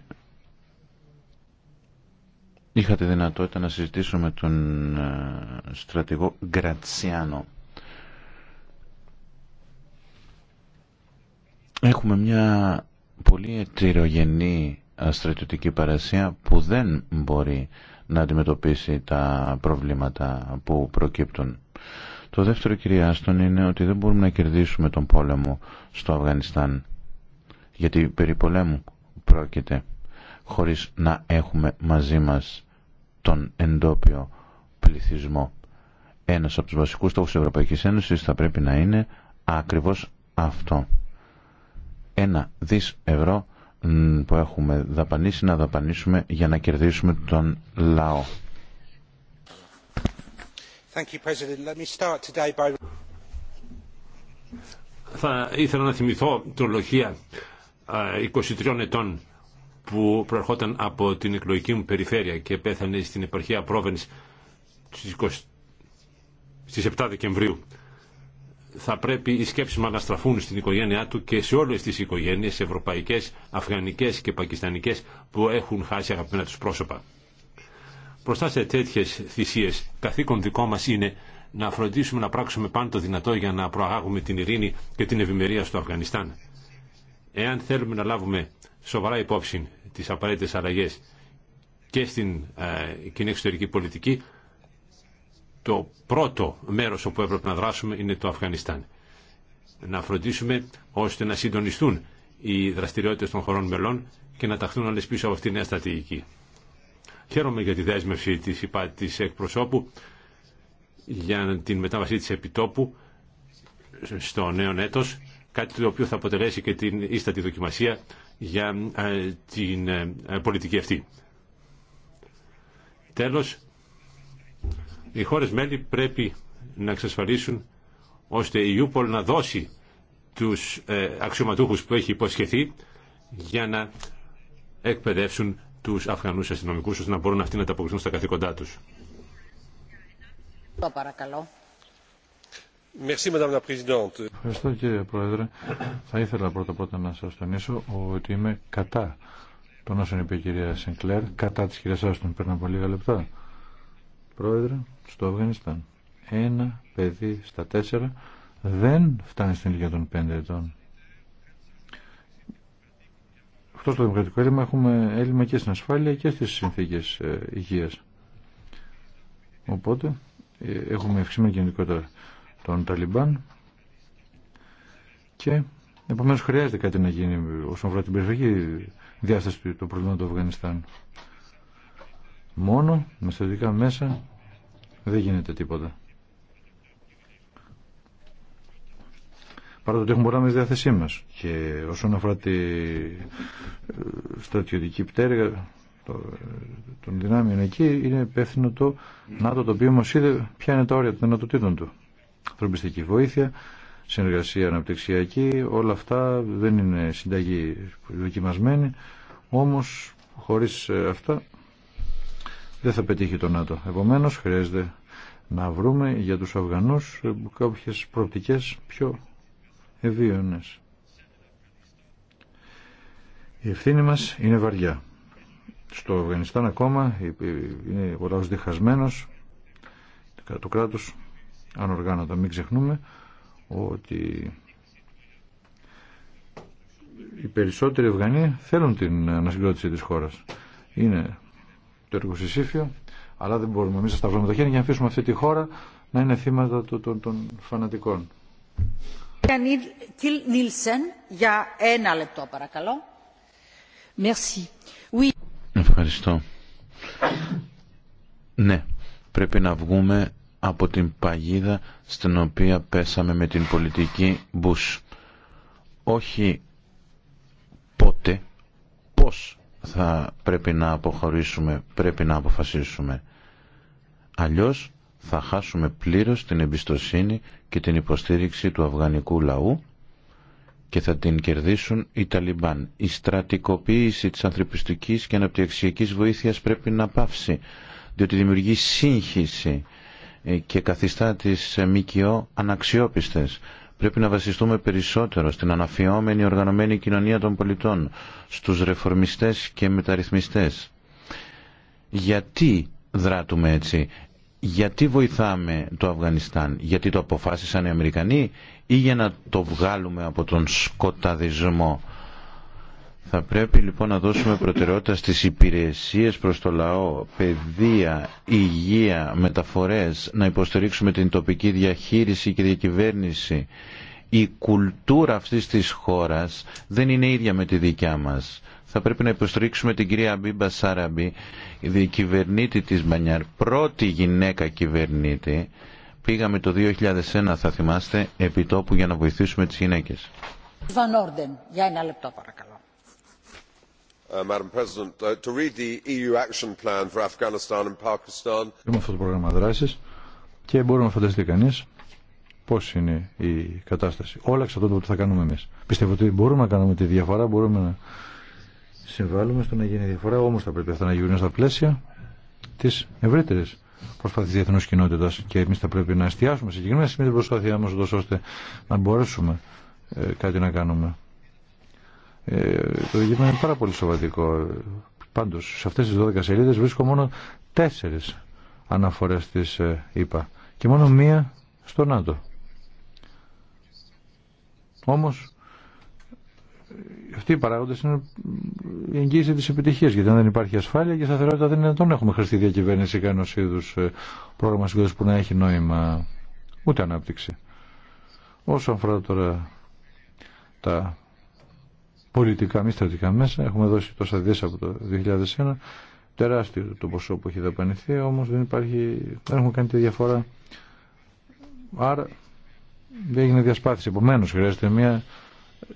είχα τη δυνατότητα να συζητήσω με τον ε, στρατηγό Γκρατσιάνο. Έχουμε μια πολύ ετηρογενή στρατιωτική παρασία που δεν μπορεί να αντιμετωπίσει τα προβλήματα που προκύπτουν. Το δεύτερο κυριάστον είναι ότι δεν μπορούμε να κερδίσουμε τον πόλεμο στο Αφγανιστάν γιατί περί πολέμου πρόκειται χωρίς να έχουμε μαζί μας τον εντόπιο πληθυσμό. Ένας από τους βασικούς στόχους της Ευρωπαϊκής Ένωσης θα πρέπει να είναι ακριβώς αυτό. Ένα δις ευρώ που έχουμε δαπανίσει να δαπανίσουμε για να κερδίσουμε τον λαό. Θα ήθελα να θυμηθώ τρολογία 23 ετών που προερχόταν από την εκλογική μου περιφέρεια και πέθανε στην επαρχία Πρόβενς στις 7 Δεκεμβρίου θα πρέπει οι σκέψεις μας να στραφούν στην οικογένειά του και σε όλες τις οικογένειες ευρωπαϊκές, αφγανικές και πακιστανικές που έχουν χάσει αγαπημένα τους πρόσωπα. Μπροστά σε τέτοιε θυσίες καθήκον δικό μα είναι να φροντίσουμε να πράξουμε πάντα το δυνατό για να προαγάγουμε την ειρήνη και την ευημερία στο Αφγανιστάν. Εάν θέλουμε να λάβουμε σοβαρά υπόψη τι απαραίτητε αλλαγέ και στην ε, κοινή εξωτερική πολιτική, το πρώτο μέρος όπου έπρεπε να δράσουμε είναι το Αφγανιστάν. Να φροντίσουμε ώστε να συντονιστούν οι δραστηριότητες των χωρών μελών και να ταχθούν όλες πίσω από αυτή τη νέα στρατηγική. Χαίρομαι για τη δέσμευση της, υπά, της εκπροσώπου για την μετάβασή της επιτόπου στο νέο έτος, κάτι το οποίο θα αποτελέσει και την ίστατη δοκιμασία για ε, την ε, πολιτική αυτή. Τέλος, οι χώρες μέλη πρέπει να εξασφαλίσουν ώστε η Ιούπολ να δώσει τους ε, αξιωματούχους που έχει υποσχεθεί για να εκπαιδεύσουν τους Αφγανούς αστυνομικούς ώστε να μπορούν αυτοί να τα αποκριθούν στα καθήκοντά τους. Παρακαλώ. Ευχαριστώ κύριε Πρόεδρε. Θα ήθελα πρώτα πρώτα να σας τονίσω ότι είμαι κατά των όσων είπε η κυρία Σενκλέρ, κατά της κυριά Άστον πριν από λίγα λεπτά πρόεδρε, στο Αφγανιστάν. Ένα παιδί στα τέσσερα δεν φτάνει στην ηλικία των πέντε ετών. Αυτό στο δημοκρατικό έλλειμμα έχουμε έλλειμμα και στην ασφάλεια και στις συνθήκες ε, υγείας. Οπότε ε, έχουμε ευξήμενη κινητικότητα των Ταλιμπάν και επομένως χρειάζεται κάτι να γίνει όσον αφορά την περιφερειακή διάσταση του προβλήματος του Αφγανιστάν μόνο με στρατιωτικά μέσα δεν γίνεται τίποτα. Παρά το ότι έχουμε πολλά με τη διάθεσή μα. Και όσον αφορά τη ε, στρατιωτική πτέρυγα των δυνάμεων εκεί, είναι υπεύθυνο το να το οποίο μα είδε ποια είναι τα όρια των δυνατοτήτων του. Ανθρωπιστική βοήθεια, συνεργασία αναπτυξιακή, όλα αυτά δεν είναι συνταγή δοκιμασμένη. Όμω χωρί ε, αυτά δεν θα πετύχει το ΝΑΤΟ. Επομένως χρειάζεται να βρούμε για τους Αφγανού κάποιες προοπτικέ πιο ευίωνε. Η ευθύνη μας είναι βαριά. Στο Αφγανιστάν ακόμα είναι ο λαό διχασμένο. το κράτος ανοργάνωτα. Μην ξεχνούμε ότι οι περισσότεροι Αφγανοί θέλουν την ανασυγκρότηση της χώρας. Είναι το εργοσυσήφιο, αλλά δεν μπορούμε εμεί να σταυρούμε τα χέρια για να αφήσουμε αυτή τη χώρα να είναι θύματα των, των φανατικών. Νίλσεν, για ένα λεπτό παρακαλώ. Merci. Ευχαριστώ. Ναι, πρέπει να βγούμε από την παγίδα στην οποία πέσαμε με την πολιτική Μπούς. Όχι πότε, πώς θα πρέπει να αποχωρήσουμε, πρέπει να αποφασίσουμε. Αλλιώς θα χάσουμε πλήρως την εμπιστοσύνη και την υποστήριξη του αφγανικού λαού και θα την κερδίσουν οι Ταλιμπάν. Η στρατικοποίηση της ανθρωπιστικής και αναπτυξιακής βοήθειας πρέπει να πάυσει, διότι δημιουργεί σύγχυση ε, και καθιστά τις ε, ΜΚΟ αναξιόπιστες. Πρέπει να βασιστούμε περισσότερο στην αναφιόμενη οργανωμένη κοινωνία των πολιτών, στους ρεφορμιστές και μεταρρυθμιστές. Γιατί δράτουμε έτσι, γιατί βοηθάμε το Αφγανιστάν, γιατί το αποφάσισαν οι Αμερικανοί ή για να το βγάλουμε από τον σκοταδισμό θα πρέπει λοιπόν να δώσουμε προτεραιότητα στις υπηρεσίες προς το λαό, παιδεία, υγεία, μεταφορές, να υποστηρίξουμε την τοπική διαχείριση και διακυβέρνηση. Η κουλτούρα αυτής της χώρας δεν είναι ίδια με τη δικιά μας. Θα πρέπει να υποστηρίξουμε την κυρία Μπίμπα Σάραμπη, η κυβερνήτη της Μπανιάρ, πρώτη γυναίκα κυβερνήτη. Πήγαμε το 2001, θα θυμάστε, επί τόπου για να βοηθήσουμε τις γυναίκες. Βανόρντεν, για ένα λεπτό παρακαλώ. Uh, Madam President, uh, to read the EU Action Plan for Afghanistan and Pakistan. αυτό το πρόγραμμα δράσης και μπορούμε να φανταστεί κανείς πώς είναι η κατάσταση. Όλα εξαρτώνται από το τι θα κάνουμε εμείς. Πιστεύω ότι μπορούμε να κάνουμε τη διαφορά, μπορούμε να συμβάλλουμε στο να γίνει διαφορά, όμως θα πρέπει αυτά να γίνουν στα πλαίσια της ευρύτερης προσπάθειας διεθνούς κοινότητας και εμείς θα πρέπει να εστιάσουμε σε συγκεκριμένα σημεία την προσπάθειά μας, ώστε να μπορέσουμε ε, κάτι να κάνουμε. Ε, το δικαίωμα είναι πάρα πολύ σοβατικό. Πάντως, σε αυτές τις 12 σελίδες βρίσκω μόνο τέσσερις αναφορές της ε, ΕΠΑ και μόνο μία στο ΝΑΤΟ. Όμως, αυτοί οι παράγοντες είναι η εγγύηση της επιτυχίας, γιατί αν δεν υπάρχει ασφάλεια και σταθερότητα δεν είναι τον έχουμε χρηστεί διακυβέρνηση κανένας είδους ε, πρόγραμμα συγκέντρωσης που να έχει νόημα ούτε ανάπτυξη. Όσο αφορά τώρα τα πολιτικά μη στρατικά μέσα. Έχουμε δώσει τόσα δις από το 2001. Τεράστιο το ποσό που έχει δαπανηθεί, όμως δεν υπάρχει, δεν έχουμε κάνει τη διαφορά. Άρα δεν έγινε διασπάθηση. Επομένως χρειάζεται μια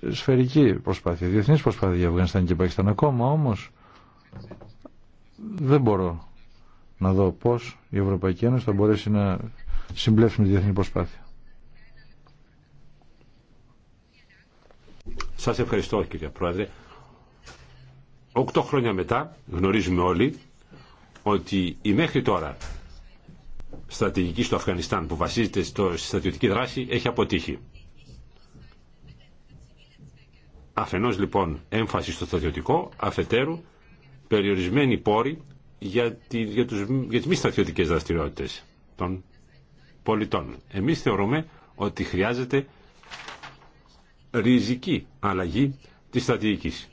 σφαιρική προσπάθεια, διεθνής προσπάθεια για Αφγανιστάν και Πακιστάν. Ακόμα όμως δεν μπορώ να δω πώς η Ευρωπαϊκή Ένωση θα μπορέσει να συμπλέψει με τη διεθνή προσπάθεια. Σας ευχαριστώ κύριε Πρόεδρε. Οκτώ χρόνια μετά γνωρίζουμε όλοι ότι η μέχρι τώρα στρατηγική στο Αφγανιστάν που βασίζεται στο, στη στρατιωτική δράση έχει αποτύχει. Αφενός λοιπόν έμφαση στο στρατιωτικό, αφετέρου περιορισμένη πόροι για, τη, για, τους, για τις μη στρατιωτικές δραστηριότητες των πολιτών. Εμείς θεωρούμε ότι χρειάζεται ριζική αλλαγή της στρατηγικής.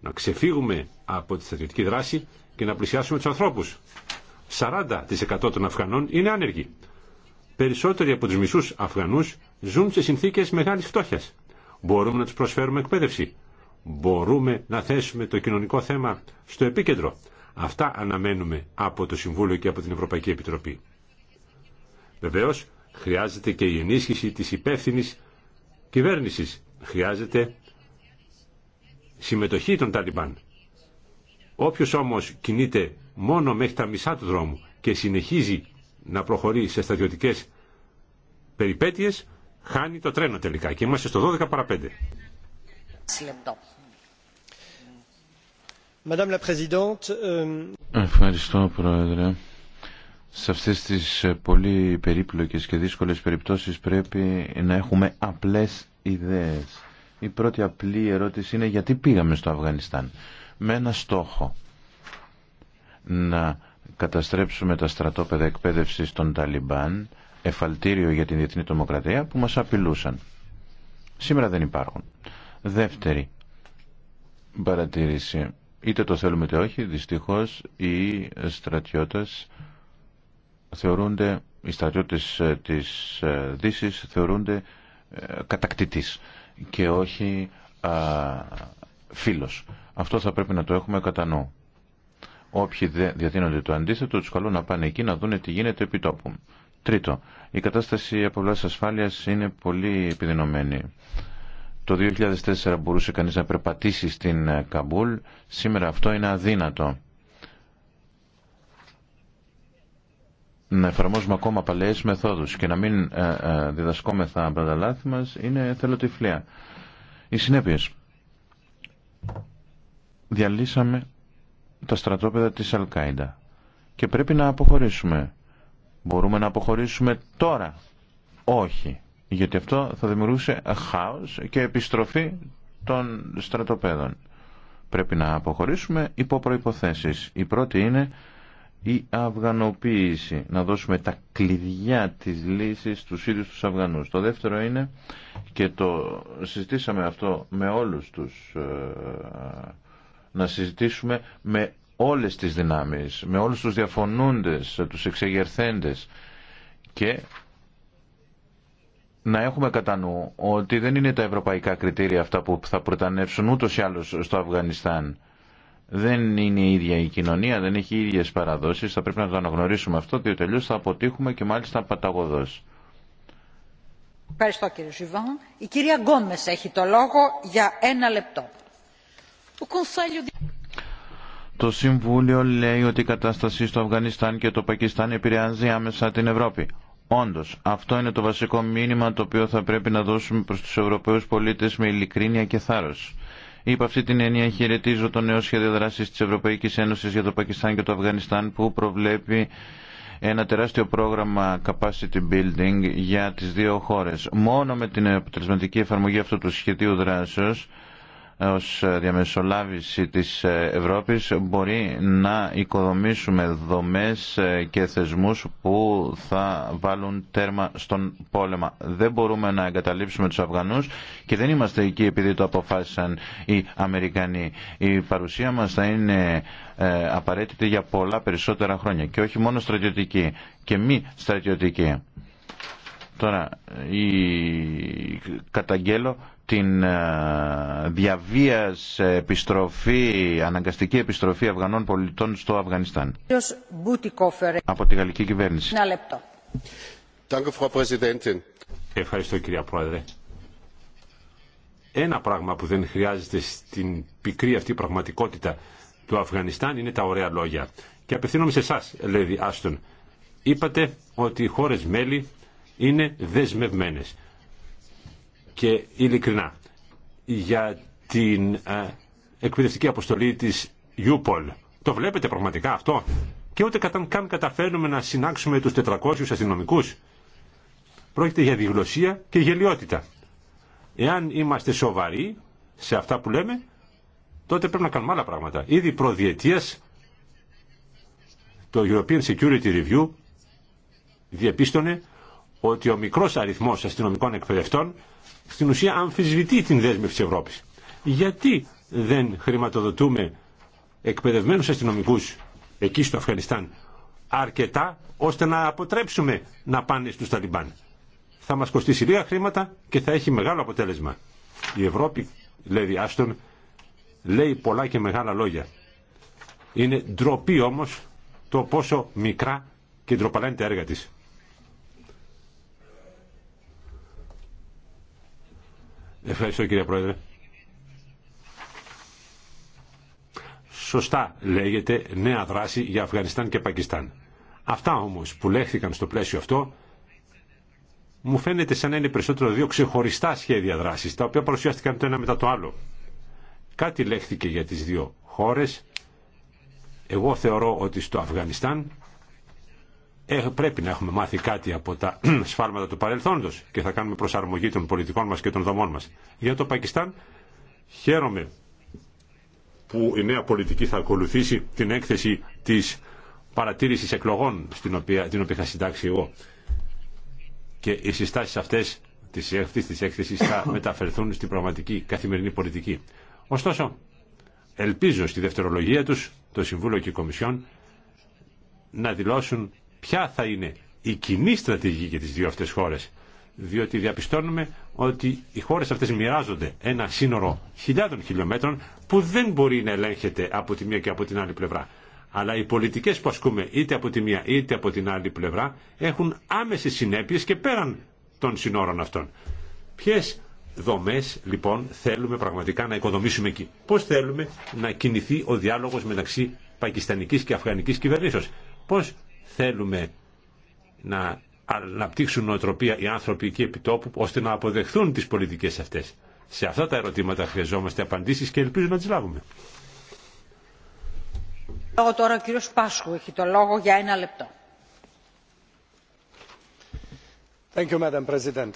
Να ξεφύγουμε από τη στρατηγική δράση και να πλησιάσουμε τους ανθρώπους. 40% των Αφγανών είναι άνεργοι. Περισσότεροι από τους μισούς Αφγανούς ζουν σε συνθήκες μεγάλης φτώχειας. Μπορούμε να τους προσφέρουμε εκπαίδευση. Μπορούμε να θέσουμε το κοινωνικό θέμα στο επίκεντρο. Αυτά αναμένουμε από το Συμβούλιο και από την Ευρωπαϊκή Επιτροπή. Βεβαίως, χρειάζεται και η ενίσχυση της υπεύθυνη κυβέρνησης Χρειάζεται συμμετοχή των Ταλιμπάν. Όποιος όμως κινείται μόνο μέχρι τα μισά του δρόμου και συνεχίζει να προχωρεί σε στρατιωτικές περιπέτειες, χάνει το τρένο τελικά και είμαστε στο 12 παρα 5. Ευχαριστώ, Πρόεδρε. Σε αυτές τις ε, πολύ περίπλοκες και δύσκολες περιπτώσεις πρέπει να έχουμε απλές ιδέες. Η πρώτη απλή ερώτηση είναι γιατί πήγαμε στο Αφγανιστάν. Με ένα στόχο να καταστρέψουμε τα στρατόπεδα εκπαίδευσης των Ταλιμπάν, εφαλτήριο για την διεθνή τρομοκρατία που μας απειλούσαν. Σήμερα δεν υπάρχουν. Δεύτερη παρατήρηση. Είτε το θέλουμε είτε όχι, δυστυχώς οι στρατιώτες θεωρούνται, οι στρατιώτες ε, της ε, Δύσης θεωρούνται ε, κατακτητής και όχι α, φίλος. Αυτό θα πρέπει να το έχουμε κατά νου. Όποιοι διαδίνονται το αντίθετο, τους καλούν να πάνε εκεί να δουν τι γίνεται επί τόπου. Τρίτο, η κατάσταση από ασφάλειας είναι πολύ επιδεινωμένη. Το 2004 μπορούσε κανείς να περπατήσει στην Καμπούλ, σήμερα αυτό είναι αδύνατο. να εφαρμόζουμε ακόμα παλαιές μεθόδους και να μην ε, ε, διδασκόμεθα από τα λάθη μας είναι θελοτυφλία. Οι συνέπειες. Διαλύσαμε τα στρατόπεδα της Αλκάιντα και πρέπει να αποχωρήσουμε. Μπορούμε να αποχωρήσουμε τώρα. Όχι. Γιατί αυτό θα δημιουργούσε χάος και επιστροφή των στρατοπέδων. Πρέπει να αποχωρήσουμε υπό προϋποθέσεις. Η πρώτη είναι η αυγανοποίηση, να δώσουμε τα κλειδιά της λύσης στους ίδιους τους Αυγανούς. Το δεύτερο είναι, και το συζητήσαμε αυτό με όλους τους, ε, να συζητήσουμε με όλες τις δυνάμεις, με όλους τους διαφωνούντες, ε, τους εξεγερθέντες και να έχουμε κατά νου ότι δεν είναι τα ευρωπαϊκά κριτήρια αυτά που θα προτανεύσουν ούτως ή άλλως στο Αφγανιστάν δεν είναι η ίδια η κοινωνία, δεν έχει οι ίδιες παραδόσεις, θα πρέπει να το αναγνωρίσουμε αυτό, διότι τελείως θα αποτύχουμε και μάλιστα παταγωδός. Ευχαριστώ κύριε Ζιβάν. Η κυρία Γκόμες έχει το λόγο για ένα λεπτό. Το Συμβούλιο λέει ότι η κατάσταση στο Αφγανιστάν και το Πακιστάν επηρεάζει άμεσα την Ευρώπη. Όντως, αυτό είναι το βασικό μήνυμα το οποίο θα πρέπει να δώσουμε προς τους Ευρωπαίους πολίτες με ειλικρίνεια και θάρρος Υπό αυτή την έννοια χαιρετίζω το νέο σχέδιο δράσης της Ευρωπαϊκής Ένωσης για το Πακιστάν και το Αφγανιστάν που προβλέπει ένα τεράστιο πρόγραμμα capacity building για τις δύο χώρες. Μόνο με την αποτελεσματική εφαρμογή αυτού του σχεδίου δράσεως ως διαμεσολάβηση της Ευρώπης μπορεί να οικοδομήσουμε δομές και θεσμούς που θα βάλουν τέρμα στον πόλεμα. Δεν μπορούμε να εγκαταλείψουμε τους Αφγανούς και δεν είμαστε εκεί επειδή το αποφάσισαν οι Αμερικανοί. Η παρουσία μας θα είναι ε, απαραίτητη για πολλά περισσότερα χρόνια και όχι μόνο στρατιωτική και μη στρατιωτική. Τώρα, η... καταγγέλλω την ε, διαβίας επιστροφή, αναγκαστική επιστροφή Αφγανών πολιτών στο Αφγανιστάν. Από τη γαλλική κυβέρνηση. Ένα λεπτό. Ευχαριστώ κυρία Πρόεδρε. Ένα πράγμα που δεν χρειάζεται στην πικρή αυτή πραγματικότητα του Αφγανιστάν είναι τα ωραία λόγια. Και απευθύνομαι σε εσά, Λέδη Άστον. Είπατε ότι οι χώρες μέλη είναι δεσμευμένες και ειλικρινά για την ε, εκπαιδευτική αποστολή της UPOL. Το βλέπετε πραγματικά αυτό και ούτε καν καταφέρνουμε να συνάξουμε τους 400 αστυνομικούς. Πρόκειται για διγλωσία και γελιότητα. Εάν είμαστε σοβαροί σε αυτά που λέμε, τότε πρέπει να κάνουμε άλλα πράγματα. Ήδη προδιετίας το European Security Review διεπίστωνε ότι ο μικρό αριθμός αστυνομικών εκπαιδευτών στην ουσία αμφισβητεί την δέσμευση της Ευρώπης. Γιατί δεν χρηματοδοτούμε εκπαιδευμένου αστυνομικού εκεί στο Αφγανιστάν αρκετά ώστε να αποτρέψουμε να πάνε στους Ταλιμπάν. Θα μας κοστίσει λίγα χρήματα και θα έχει μεγάλο αποτέλεσμα. Η Ευρώπη, λέει Άστον, λέει πολλά και μεγάλα λόγια. Είναι ντροπή όμως το πόσο μικρά και ντροπαλά τα έργα της. Ευχαριστώ κύριε Πρόεδρε. Σωστά λέγεται νέα δράση για Αφγανιστάν και Πακιστάν. Αυτά όμως που λέχθηκαν στο πλαίσιο αυτό μου φαίνεται σαν να είναι περισσότερο δύο ξεχωριστά σχέδια δράσης τα οποία παρουσιάστηκαν το ένα μετά το άλλο. Κάτι λέχθηκε για τις δύο χώρες. Εγώ θεωρώ ότι στο Αφγανιστάν ε, πρέπει να έχουμε μάθει κάτι από τα σφάλματα του παρελθόντος και θα κάνουμε προσαρμογή των πολιτικών μας και των δομών μας. Για το Πακιστάν χαίρομαι που η νέα πολιτική θα ακολουθήσει την έκθεση της παρατήρησης εκλογών στην οποία, την οποία θα συντάξει εγώ. Και οι συστάσεις αυτές της, αυτής της έκθεσης θα μεταφερθούν στην πραγματική καθημερινή πολιτική. Ωστόσο, ελπίζω στη δευτερολογία τους το Συμβούλιο και η Κομισιόν να δηλώσουν ποια θα είναι η κοινή στρατηγική για τις δύο αυτές χώρες. Διότι διαπιστώνουμε ότι οι χώρες αυτές μοιράζονται ένα σύνορο χιλιάδων χιλιόμετρων που δεν μπορεί να ελέγχεται από τη μία και από την άλλη πλευρά. Αλλά οι πολιτικές που ασκούμε είτε από τη μία είτε από την άλλη πλευρά έχουν άμεσες συνέπειες και πέραν των σύνορων αυτών. Ποιες Δομέ λοιπόν θέλουμε πραγματικά να οικοδομήσουμε εκεί. Πώς θέλουμε να κινηθεί ο διάλογος μεταξύ πακιστανική και αφγανική κυβερνήσεω. Πώ Θέλουμε να αναπτύξουν νοοτροπία οι άνθρωποι εκεί επιτόπου ώστε να αποδεχθούν τις πολιτικές αυτές. Σε αυτά τα ερωτήματα χρειαζόμαστε απαντήσεις και ελπίζω να τις λάβουμε. Λόγω τώρα ο κύριος Πάσχου έχει το λόγο για ένα λεπτό. Thank you, Madam President.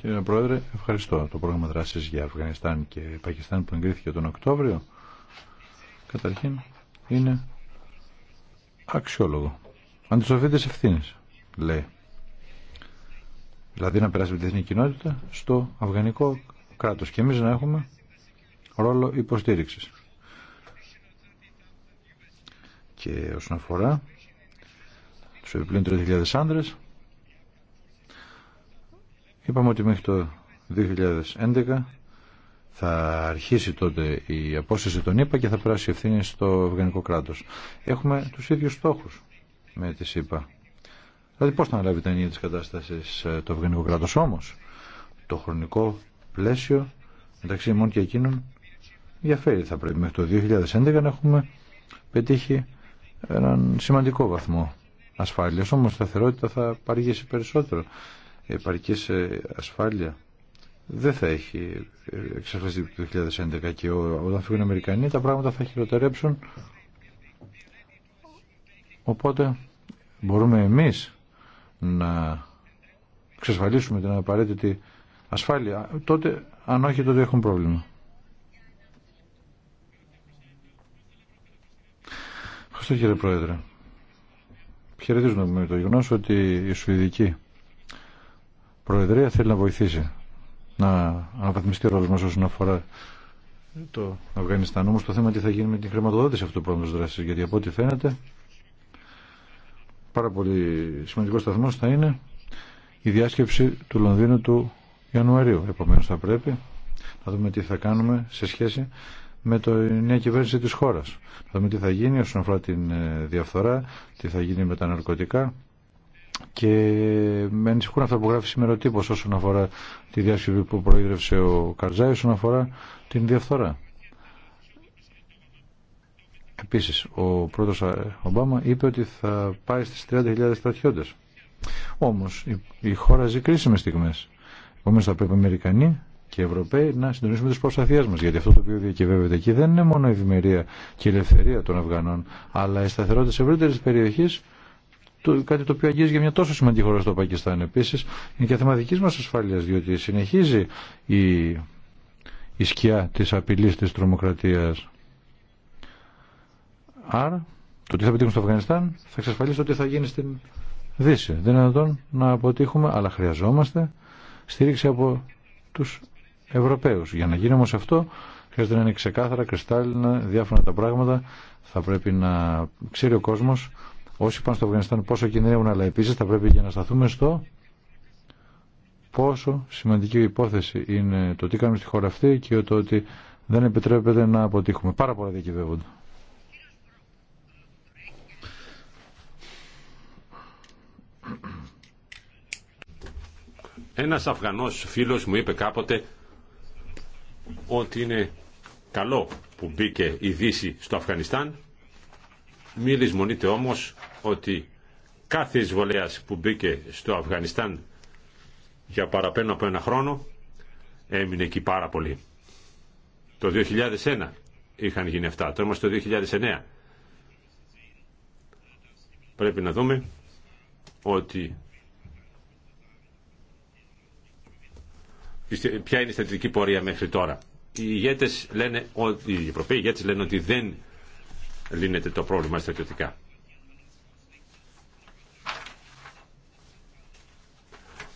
Κύριε Πρόεδρε, ευχαριστώ. Το πρόγραμμα δράση για Αφγανιστάν και Πακιστάν που εγκρίθηκε τον Οκτώβριο, καταρχήν είναι αξιόλογο. Αντιστροφή τη ευθύνη, λέει. Δηλαδή να περάσει την εθνική κοινότητα στο αφγανικό κράτο και εμεί να έχουμε ρόλο υποστήριξη. Και όσον αφορά του επιπλέον 3.000 άντρε, είπαμε ότι μέχρι το 2011 θα αρχίσει τότε η απόσταση των ΗΠΑ και θα περάσει η ευθύνη στο Αφγανικό κράτος. Έχουμε τους ίδιους στόχους με τι ΗΠΑ. Δηλαδή πώ θα αναλάβει τα ενία τη κατάσταση ε, το Αφγανικό κράτος όμως. Το χρονικό πλαίσιο μεταξύ ημών και εκείνων διαφέρει. Θα πρέπει μέχρι το 2011 να έχουμε πετύχει έναν σημαντικό βαθμό ασφάλειας. Όμως η σταθερότητα θα παργήσει περισσότερο. Επαρκής ε, ασφάλεια δεν θα έχει εξαφανιστεί το 2011 και όταν φύγουν οι Αμερικανοί τα πράγματα θα χειροτερέψουν οπότε μπορούμε εμείς να εξασφαλίσουμε την απαραίτητη ασφάλεια τότε αν όχι τότε έχουν πρόβλημα Ευχαριστώ κύριε Πρόεδρε χαιρετίζουμε με το γεγονό ότι η Σουηδική Προεδρία θέλει να βοηθήσει να αναβαθμιστεί ο ρόλο μα όσον αφορά το Αφγανιστάν. Όμως το θέμα τι θα γίνει με την χρηματοδότηση αυτού του πρόγραμματο δράση. γιατί από ό,τι φαίνεται πάρα πολύ σημαντικός σταθμό θα είναι η διάσκεψη του Λονδίνου του Ιανουαρίου. Επομένως θα πρέπει να δούμε τι θα κάνουμε σε σχέση με τη νέα κυβέρνηση τη χώρα. Θα δούμε τι θα γίνει όσον αφορά την ε, διαφθορά, τι θα γίνει με τα ναρκωτικά και με ανησυχούν αυτά που γράφει σήμερα ο τύπο όσον αφορά τη διάσκεψη που προείδρευσε ο Καρζάη όσον αφορά την διαφθορά. Επίση, ο πρώτο Ομπάμα είπε ότι θα πάει στι 30.000 στρατιώτε. Όμω, η χώρα ζει κρίσιμε στιγμέ. Επομένω, θα πρέπει οι Αμερικανοί και οι Ευρωπαίοι να συντονίσουμε τις προσπαθίε μα. Γιατί αυτό το οποίο διακυβεύεται εκεί δεν είναι μόνο η ευημερία και η ελευθερία των Αφγανών, αλλά η σταθερότητα σε ευρύτερη το, κάτι το οποίο αγγίζει για μια τόσο σημαντική χώρα στο Πακιστάν επίσης είναι και θέμα δικής μας ασφάλειας διότι συνεχίζει η, η σκιά της απειλής της τρομοκρατίας άρα το τι θα πετύχουμε στο Αφγανιστάν θα εξασφαλίσει το τι θα γίνει στην Δύση δεν είναι δυνατόν να αποτύχουμε αλλά χρειαζόμαστε στήριξη από τους Ευρωπαίους για να γίνει όμως αυτό χρειάζεται να είναι ξεκάθαρα, κρυστάλλινα, διάφορα τα πράγματα θα πρέπει να ξέρει ο κόσμος όσοι πάνε στο Αφγανιστάν πόσο κινδυνεύουν, αλλά επίση θα πρέπει και να σταθούμε στο πόσο σημαντική υπόθεση είναι το τι κάνουμε στη χώρα αυτή και το ότι δεν επιτρέπεται να αποτύχουμε. Πάρα πολλά διακυβεύονται. Ένας Αφγανός φίλος μου είπε κάποτε ότι είναι καλό που μπήκε η Δύση στο Αφγανιστάν μη λησμονείτε όμως ότι κάθε εισβολέας που μπήκε στο Αφγανιστάν για παραπάνω από ένα χρόνο έμεινε εκεί πάρα πολύ. Το 2001 είχαν γίνει αυτά, τώρα είμαστε το 2009. Πρέπει να δούμε ότι ποια είναι η στατιστική πορεία μέχρι τώρα. Οι λένε ότι, οι Ευρωπαίοι ηγέτες λένε ότι δεν λύνεται το πρόβλημα στρατιωτικά.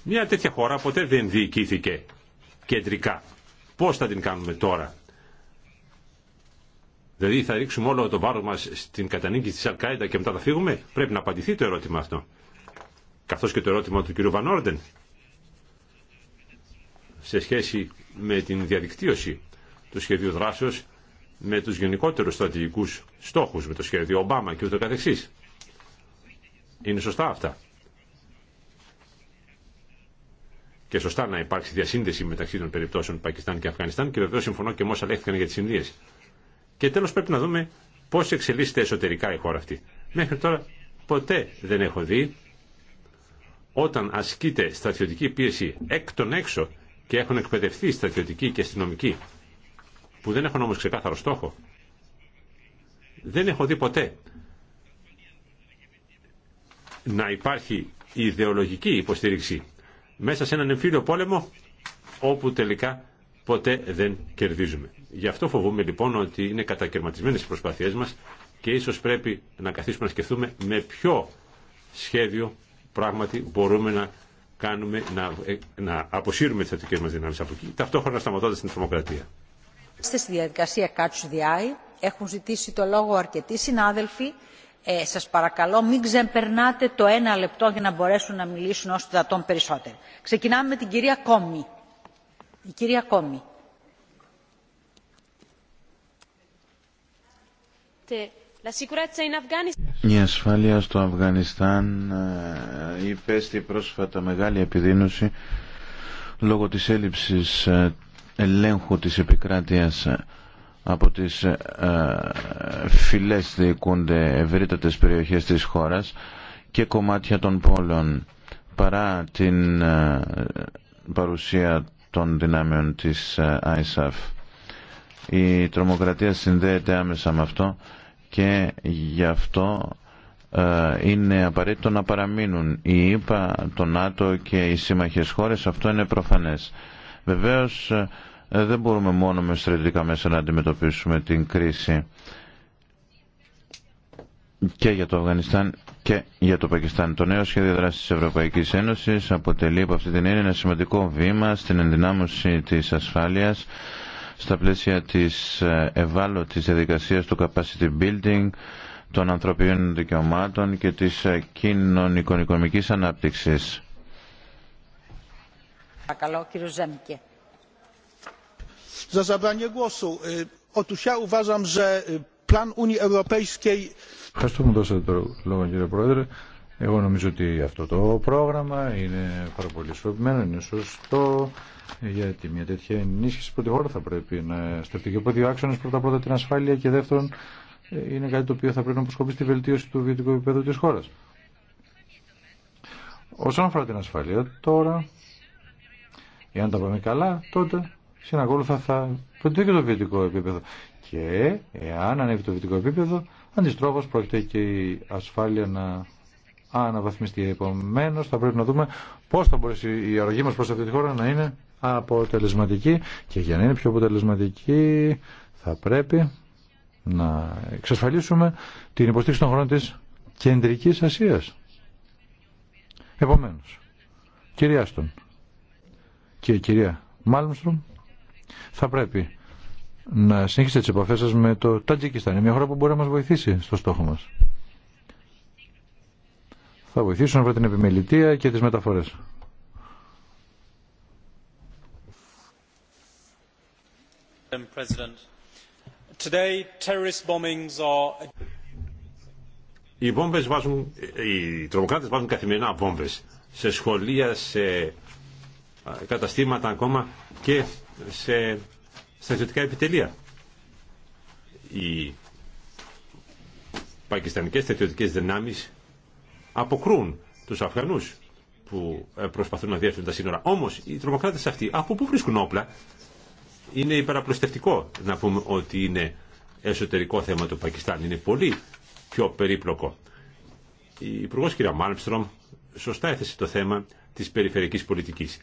Μια τέτοια χώρα ποτέ δεν διοικήθηκε κεντρικά. Πώς θα την κάνουμε τώρα. Δηλαδή θα ρίξουμε όλο το βάρος μας στην κατανίκη της Αλκάιντα και μετά θα φύγουμε. Πρέπει να απαντηθεί το ερώτημα αυτό. Καθώς και το ερώτημα του κ. Βανόρντεν σε σχέση με την διαδικτύωση του σχεδίου δράσεως με τους γενικότερους στρατηγικούς στόχους, με το σχέδιο Ομπάμα και ούτω καθεξής. Είναι σωστά αυτά. Και σωστά να υπάρξει διασύνδεση μεταξύ των περιπτώσεων Πακιστάν και Αφγανιστάν και βεβαίω συμφωνώ και με όσα λέχθηκαν για τι Ινδίε. Και τέλο πρέπει να δούμε πώ εξελίσσεται εσωτερικά η χώρα αυτή. Μέχρι τώρα ποτέ δεν έχω δει όταν ασκείται στρατιωτική πίεση εκ των έξω και έχουν εκπαιδευτεί στρατιωτικοί και αστυνομικοί που δεν έχουν όμως ξεκάθαρο στόχο. Δεν έχω δει ποτέ να υπάρχει ιδεολογική υποστήριξη μέσα σε έναν εμφύλιο πόλεμο όπου τελικά ποτέ δεν κερδίζουμε. Γι' αυτό φοβούμε λοιπόν ότι είναι κατακαιρματισμένες οι προσπάθειές μας και ίσως πρέπει να καθίσουμε να σκεφτούμε με ποιο σχέδιο πράγματι μπορούμε να κάνουμε να, ε, να αποσύρουμε τις θετικές μας δυνάμεις από εκεί, ταυτόχρονα σταματώντας την τρομοκρατία. Στη διαδικασία Catch the Eye έχουν ζητήσει το λόγο αρκετοί συνάδελφοι. Ε, σας παρακαλώ μην ξεπερνάτε το ένα λεπτό για να μπορέσουν να μιλήσουν όσο δυνατόν περισσότερο. Ξεκινάμε με την κυρία Κόμη. Η κυρία Κόμη. Η ασφάλεια στο Αφγανιστάν ε, υπέστη πρόσφατα μεγάλη επιδείνωση λόγω της έλλειψης ε, ελέγχου της επικράτειας ε, από τις ε, φυλές διοικούνται ευρύτατες περιοχές της χώρας και κομμάτια των πόλεων παρά την ε, παρουσία των δυνάμεων της ISAF. Η τρομοκρατία συνδέεται άμεσα με αυτό και γι' αυτό είναι απαραίτητο να παραμείνουν η ΕΠΑ, το ΝΑΤΟ και οι σύμμαχες χώρες. Αυτό είναι προφανές. Βεβαίως ε, δεν μπορούμε μόνο με στρατιωτικά μέσα να αντιμετωπίσουμε την κρίση και για το Αφγανιστάν και για το Πακιστάν. Το νέο σχέδιο δράση τη Ευρωπαϊκή Ένωση αποτελεί από αυτή την έννοια ένα σημαντικό βήμα στην ενδυνάμωση τη ασφάλεια στα πλαίσια τη ε, ευάλωτη διαδικασία του capacity building, των ανθρωπίνων δικαιωμάτων και τη ε, κοινωνικο-οικονομική ανάπτυξη. Παρακαλώ, κύριο za zabranie głosu. Otóż ja uważam, że plan Unii Europejskiej... Ευχαριστώ που μου δώσατε το λόγο κύριε Πρόεδρε. Εγώ νομίζω ότι αυτό το πρόγραμμα είναι πάρα πολύ ισορροπημένο, είναι σωστό, γιατί μια τέτοια ενίσχυση πρώτη χώρα θα πρέπει να στεφτεί και από δύο άξονε πρώτα πρώτα την ασφάλεια και δεύτερον ε, είναι κάτι το οποίο θα πρέπει να αποσκοπεί στη βελτίωση του βιωτικού επίπεδου τη χώρα. Όσον αφορά την ασφάλεια, τώρα, εάν τα πάμε καλά, τότε συνακόλουθα θα προτείνει και το βιωτικό επίπεδο. Και εάν ανέβει το βιωτικό επίπεδο, αντιστρόφως πρόκειται και η ασφάλεια να αναβαθμιστεί. Επομένως θα πρέπει να δούμε πώς θα μπορέσει η αρρωγή μας προς αυτή τη χώρα να είναι αποτελεσματική και για να είναι πιο αποτελεσματική θα πρέπει να εξασφαλίσουμε την υποστήριξη των χρόνων της Κεντρικής Ασίας. Επομένως, κυρία Άστον και κυρία Μάλμστρομ, θα πρέπει να συνεχίσετε τι επαφέ σα με το Τατζικιστάν. Είναι μια χώρα που μπορεί να μα βοηθήσει στο στόχο μα. Θα βοηθήσουν από την επιμελητία και τι μεταφορέ. Οι, βόμβες βάζουν, οι τρομοκράτες βάζουν καθημερινά βόμβες σε σχολεία, σε ε, καταστήματα ακόμα και σε στρατιωτικά επιτελεία. Οι πακιστανικές στρατιωτικές δυνάμεις αποκρούν τους Αφγανούς που ε, προσπαθούν να διέρθουν τα σύνορα. Όμως οι τρομοκράτες αυτοί από πού βρίσκουν όπλα είναι υπεραπλουστευτικό να πούμε ότι είναι εσωτερικό θέμα του Πακιστάν. Είναι πολύ πιο περίπλοκο. Η Υπουργό κ. Μάλμστρομ σωστά έθεσε το θέμα της περιφερειακής πολιτικής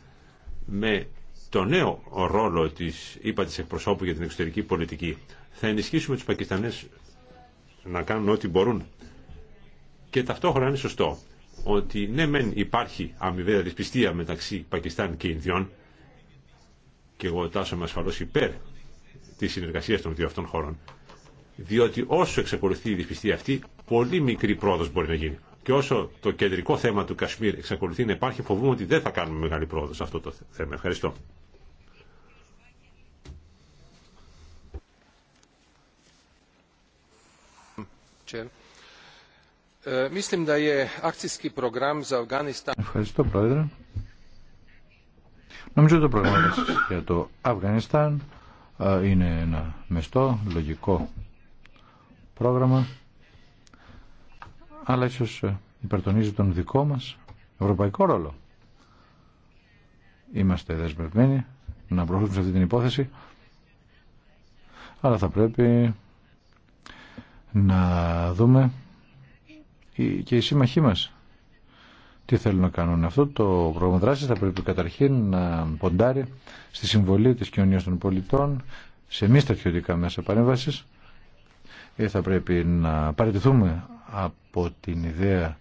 με το νέο ρόλο της είπα της εκπροσώπου για την εξωτερική πολιτική. Θα ενισχύσουμε τους Πακιστανές να κάνουν ό,τι μπορούν. Και ταυτόχρονα είναι σωστό ότι ναι μεν υπάρχει αμοιβαία δυσπιστία μεταξύ Πακιστάν και Ινδιών και εγώ με ασφαλώς υπέρ της συνεργασίας των δύο αυτών χωρών διότι όσο εξακολουθεί η δυσπιστία αυτή πολύ μικρή πρόοδος μπορεί να γίνει. Και όσο το κεντρικό θέμα του Κασμίρ εξακολουθεί να υπάρχει, φοβούμαι ότι δεν θα κάνουμε μεγάλη πρόοδο σε αυτό το θέμα. Ευχαριστώ. Ε, Ευχαριστώ, Πρόεδρε. Νομίζω το πρόγραμμα για το Αφγανιστάν ε, είναι ένα μεστό, λογικό πρόγραμμα αλλά ίσως ε, υπερτονίζει τον δικό μας ευρωπαϊκό ρόλο. Είμαστε δεσμευμένοι να προχωρήσουμε σε αυτή την υπόθεση, αλλά θα πρέπει να δούμε και οι σύμμαχοί μας τι θέλουν να κάνουν. Αυτό το πρόγραμμα δράση θα πρέπει καταρχήν να ποντάρει στη συμβολή της κοινωνίας των πολιτών σε μη στρατιωτικά μέσα παρέμβασης ε, θα πρέπει να παραιτηθούμε από την ιδέα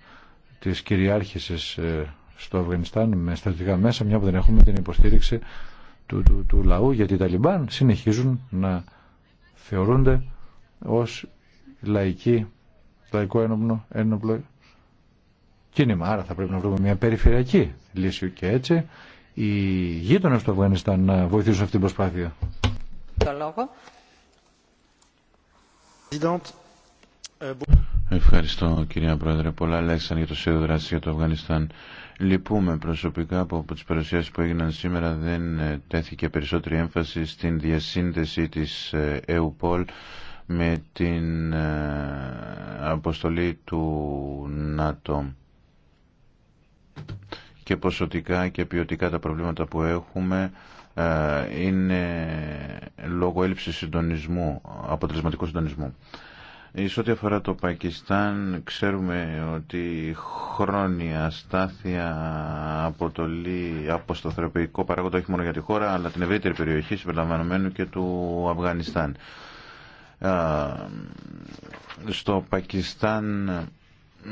της κυριάρχησης ε, στο Αφγανιστάν με στρατηγικά μέσα, μια που δεν έχουμε την υποστήριξη του, του, του λαού, γιατί οι Ταλιμπάν συνεχίζουν να θεωρούνται ως λαϊκή, λαϊκό ένοπλο, ένοπλο κίνημα. Άρα θα πρέπει να βρούμε μια περιφερειακή λύση και έτσι οι γείτονες του Αφγανιστάν να βοηθήσουν αυτή την προσπάθεια. Το λόγο. Ευχαριστώ κυρία Πρόεδρε. Πολλά λέξαν για το σχέδιο δράση για το Αφγανιστάν. Λυπούμε προσωπικά που από τι παρουσιάσει που έγιναν σήμερα δεν ε, τέθηκε περισσότερη έμφαση στην διασύνδεση τη ε, ΕΟΠΟΛ με την ε, αποστολή του ΝΑΤΟ και ποσοτικά και ποιοτικά τα προβλήματα που έχουμε ε, είναι λόγω έλλειψη συντονισμού, αποτελεσματικού συντονισμού. Σε ό,τι αφορά το Πακιστάν, ξέρουμε ότι χρόνια στάθεια αποτολεί αποσταθεροποιητικό παράγοντα όχι μόνο για τη χώρα, αλλά την ευρύτερη περιοχή, συμπεριλαμβανομένου και του Αφγανιστάν. Ε, στο Πακιστάν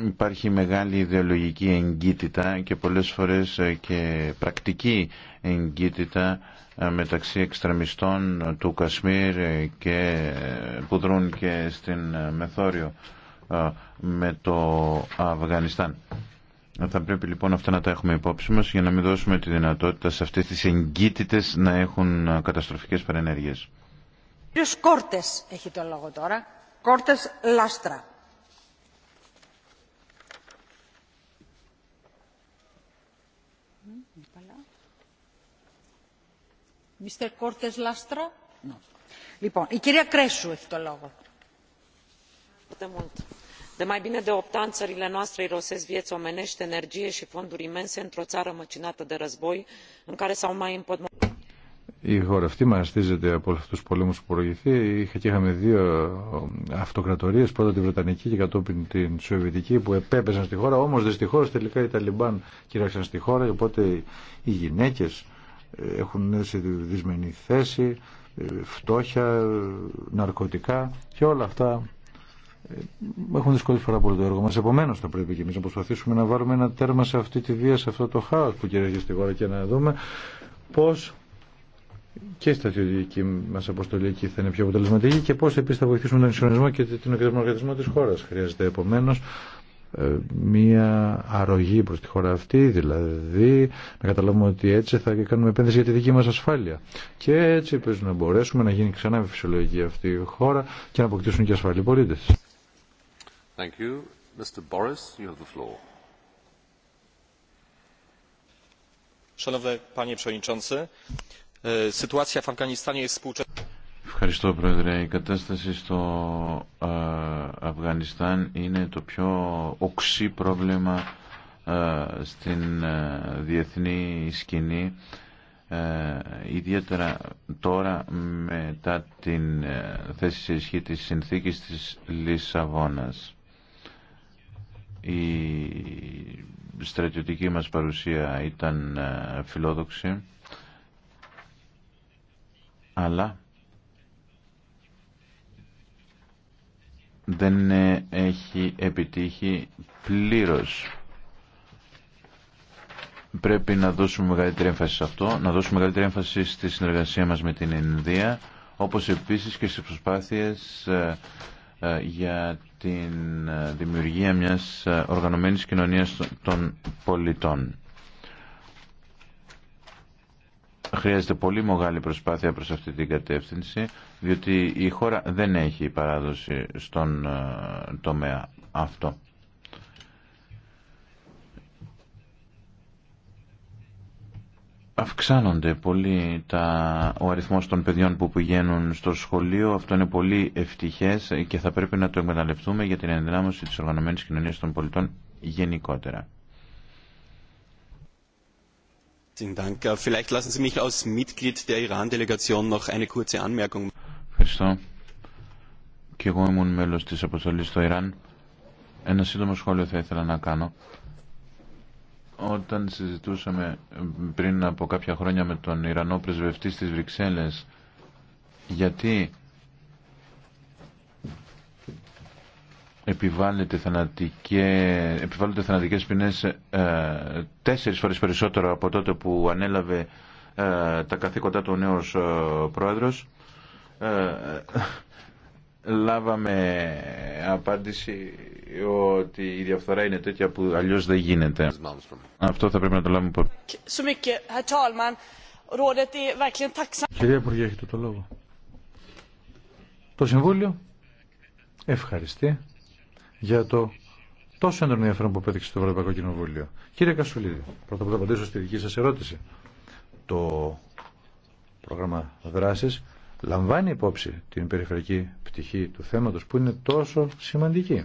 υπάρχει μεγάλη ιδεολογική εγκύτητα και πολλές φορές ε, και πρακτική εγκύτητα ε, μεταξύ εξτρεμιστών του Κασμίρ και, που δρούν και στην ε, Μεθόριο ε, με το Αφγανιστάν. Θα πρέπει λοιπόν αυτά να τα έχουμε υπόψη μας για να μην δώσουμε τη δυνατότητα σε αυτές τις εγκύτητες να έχουν καταστροφικές παρενέργειες. Ποιος Κόρτες έχει το λόγο τώρα. Κόρτες Λάστρα. Λοιπόν, η κυρία Κρέσου έχει το λόγο. Η χώρα αυτή μαστίζεται από αυτού του πολέμου που προηγηθεί. και είχαμε δύο ε, αυτοκρατορίε, πρώτα τη Βρετανική και κατόπιν την Σοβιετική, που επέπεσαν στη χώρα. Όμω δυστυχώ τελικά οι Ταλιμπάν κύραξαν στη χώρα, οπότε οι γυναίκε έχουν σε δυσμενή θέση, φτώχεια, ναρκωτικά και όλα αυτά ε, έχουν δυσκολεύσει πάρα πολύ το έργο μας. Επομένως θα πρέπει και εμείς να προσπαθήσουμε να βάλουμε ένα τέρμα σε αυτή τη βία, σε αυτό το χάος που κυριαρχεί στη χώρα και να δούμε πώς και η στρατιωτική μα αποστολή εκεί θα είναι πιο αποτελεσματική και πώ επίση θα βοηθήσουμε τον εξονισμό και τον οργανισμό τη χώρα. Χρειάζεται επομένω ε, μία αρρωγή προς τη χώρα αυτή, δηλαδή να καταλάβουμε ότι έτσι θα κάνουμε επένδυση για τη δική μας ασφάλεια. Και έτσι πρέπει να μπορέσουμε να γίνει ξανά με φυσιολογική αυτή η χώρα και να αποκτήσουν και ασφαλή πολίτες. Szanowny Panie Przewodniczący, e, sytuacja w Afganistanie jest Ευχαριστώ Πρόεδρε. Η κατάσταση στο ε, Αφγανιστάν είναι το πιο οξύ πρόβλημα ε, στην ε, διεθνή σκηνή ιδιαίτερα τώρα μετά την θέση σε ισχύ της συνθήκης της Λισαβόνας. Η στρατιωτική μας παρουσία ήταν φιλόδοξη αλλά δεν έχει επιτύχει πλήρως. Πρέπει να δώσουμε μεγαλύτερη έμφαση σε αυτό, να δώσουμε μεγαλύτερη έμφαση στη συνεργασία μας με την Ινδία, όπως επίσης και στις προσπάθειες ε, ε, για την δημιουργία μιας ε, οργανωμένης κοινωνίας των πολιτών. Χρειάζεται πολύ μεγάλη προσπάθεια προς αυτή την κατεύθυνση, διότι η χώρα δεν έχει παράδοση στον ε, τομέα αυτό. Αυξάνονται πολύ τα, ο αριθμός των παιδιών που πηγαίνουν στο σχολείο. Αυτό είναι πολύ ευτυχές και θα πρέπει να το εκμεταλλευτούμε για την ενδυνάμωση της οργανωμένης κοινωνίας των πολιτών γενικότερα. Äh, vielleicht lassen Sie mich als Mitglied der Iran-Delegation noch eine kurze Anmerkung. machen. Ένα σύντομο σχόλιο θα ήθελα να κάνω. Όταν συζητούσαμε πριν από κάποια χρόνια με τον Ιρανό πρεσβευτή στις Βρυξέλλες γιατί επιβάλλεται θανατικές, επιβάλλονται θανατικές ποινές ε, τέσσερις φορές περισσότερο από τότε που ανέλαβε ε, τα καθήκοντά του ο νέος ε, πρόεδρος. Ε, λάβαμε απάντηση ότι η διαφθορά είναι τέτοια που αλλιώς δεν γίνεται. Αυτό θα πρέπει να το λάβουμε υπόψη. Κυρία Υπουργέ, έχετε το λόγο. Το Συμβούλιο ευχαριστεί για το τόσο έντονο ενδιαφέρον που πέτυχε στο Ευρωπαϊκό Κοινοβούλιο. Κύριε Κασουλίδη, πρώτα απ' όλα απαντήσω στη δική σα ερώτηση. Το πρόγραμμα δράση λαμβάνει υπόψη την περιφερειακή πτυχή του θέματο που είναι τόσο σημαντική.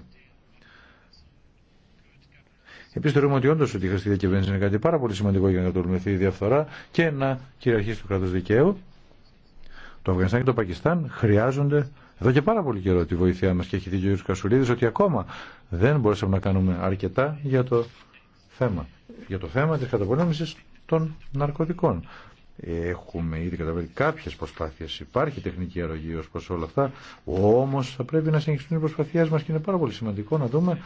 Επίση, θεωρούμε ότι όντω η χρηστή διακυβέρνηση είναι κάτι πάρα πολύ σημαντικό για να τολμηθεί η διαφθορά και να κυριαρχήσει το κράτο δικαίου. Το Αφγανιστάν και το Πακιστάν χρειάζονται εδώ και πάρα πολύ καιρό τη βοήθειά μα και έχει δει ο κ. Κασουλίδη ότι ακόμα δεν μπορούσαμε να κάνουμε αρκετά για το θέμα. Για το θέμα της καταπολέμησης των ναρκωτικών. Έχουμε ήδη καταβάλει κάποιε προσπάθειε. υπάρχει τεχνική αρρωγή ω προ όλα αυτά, όμω θα πρέπει να συνεχιστούν οι προσπαθειές μα και είναι πάρα πολύ σημαντικό να δούμε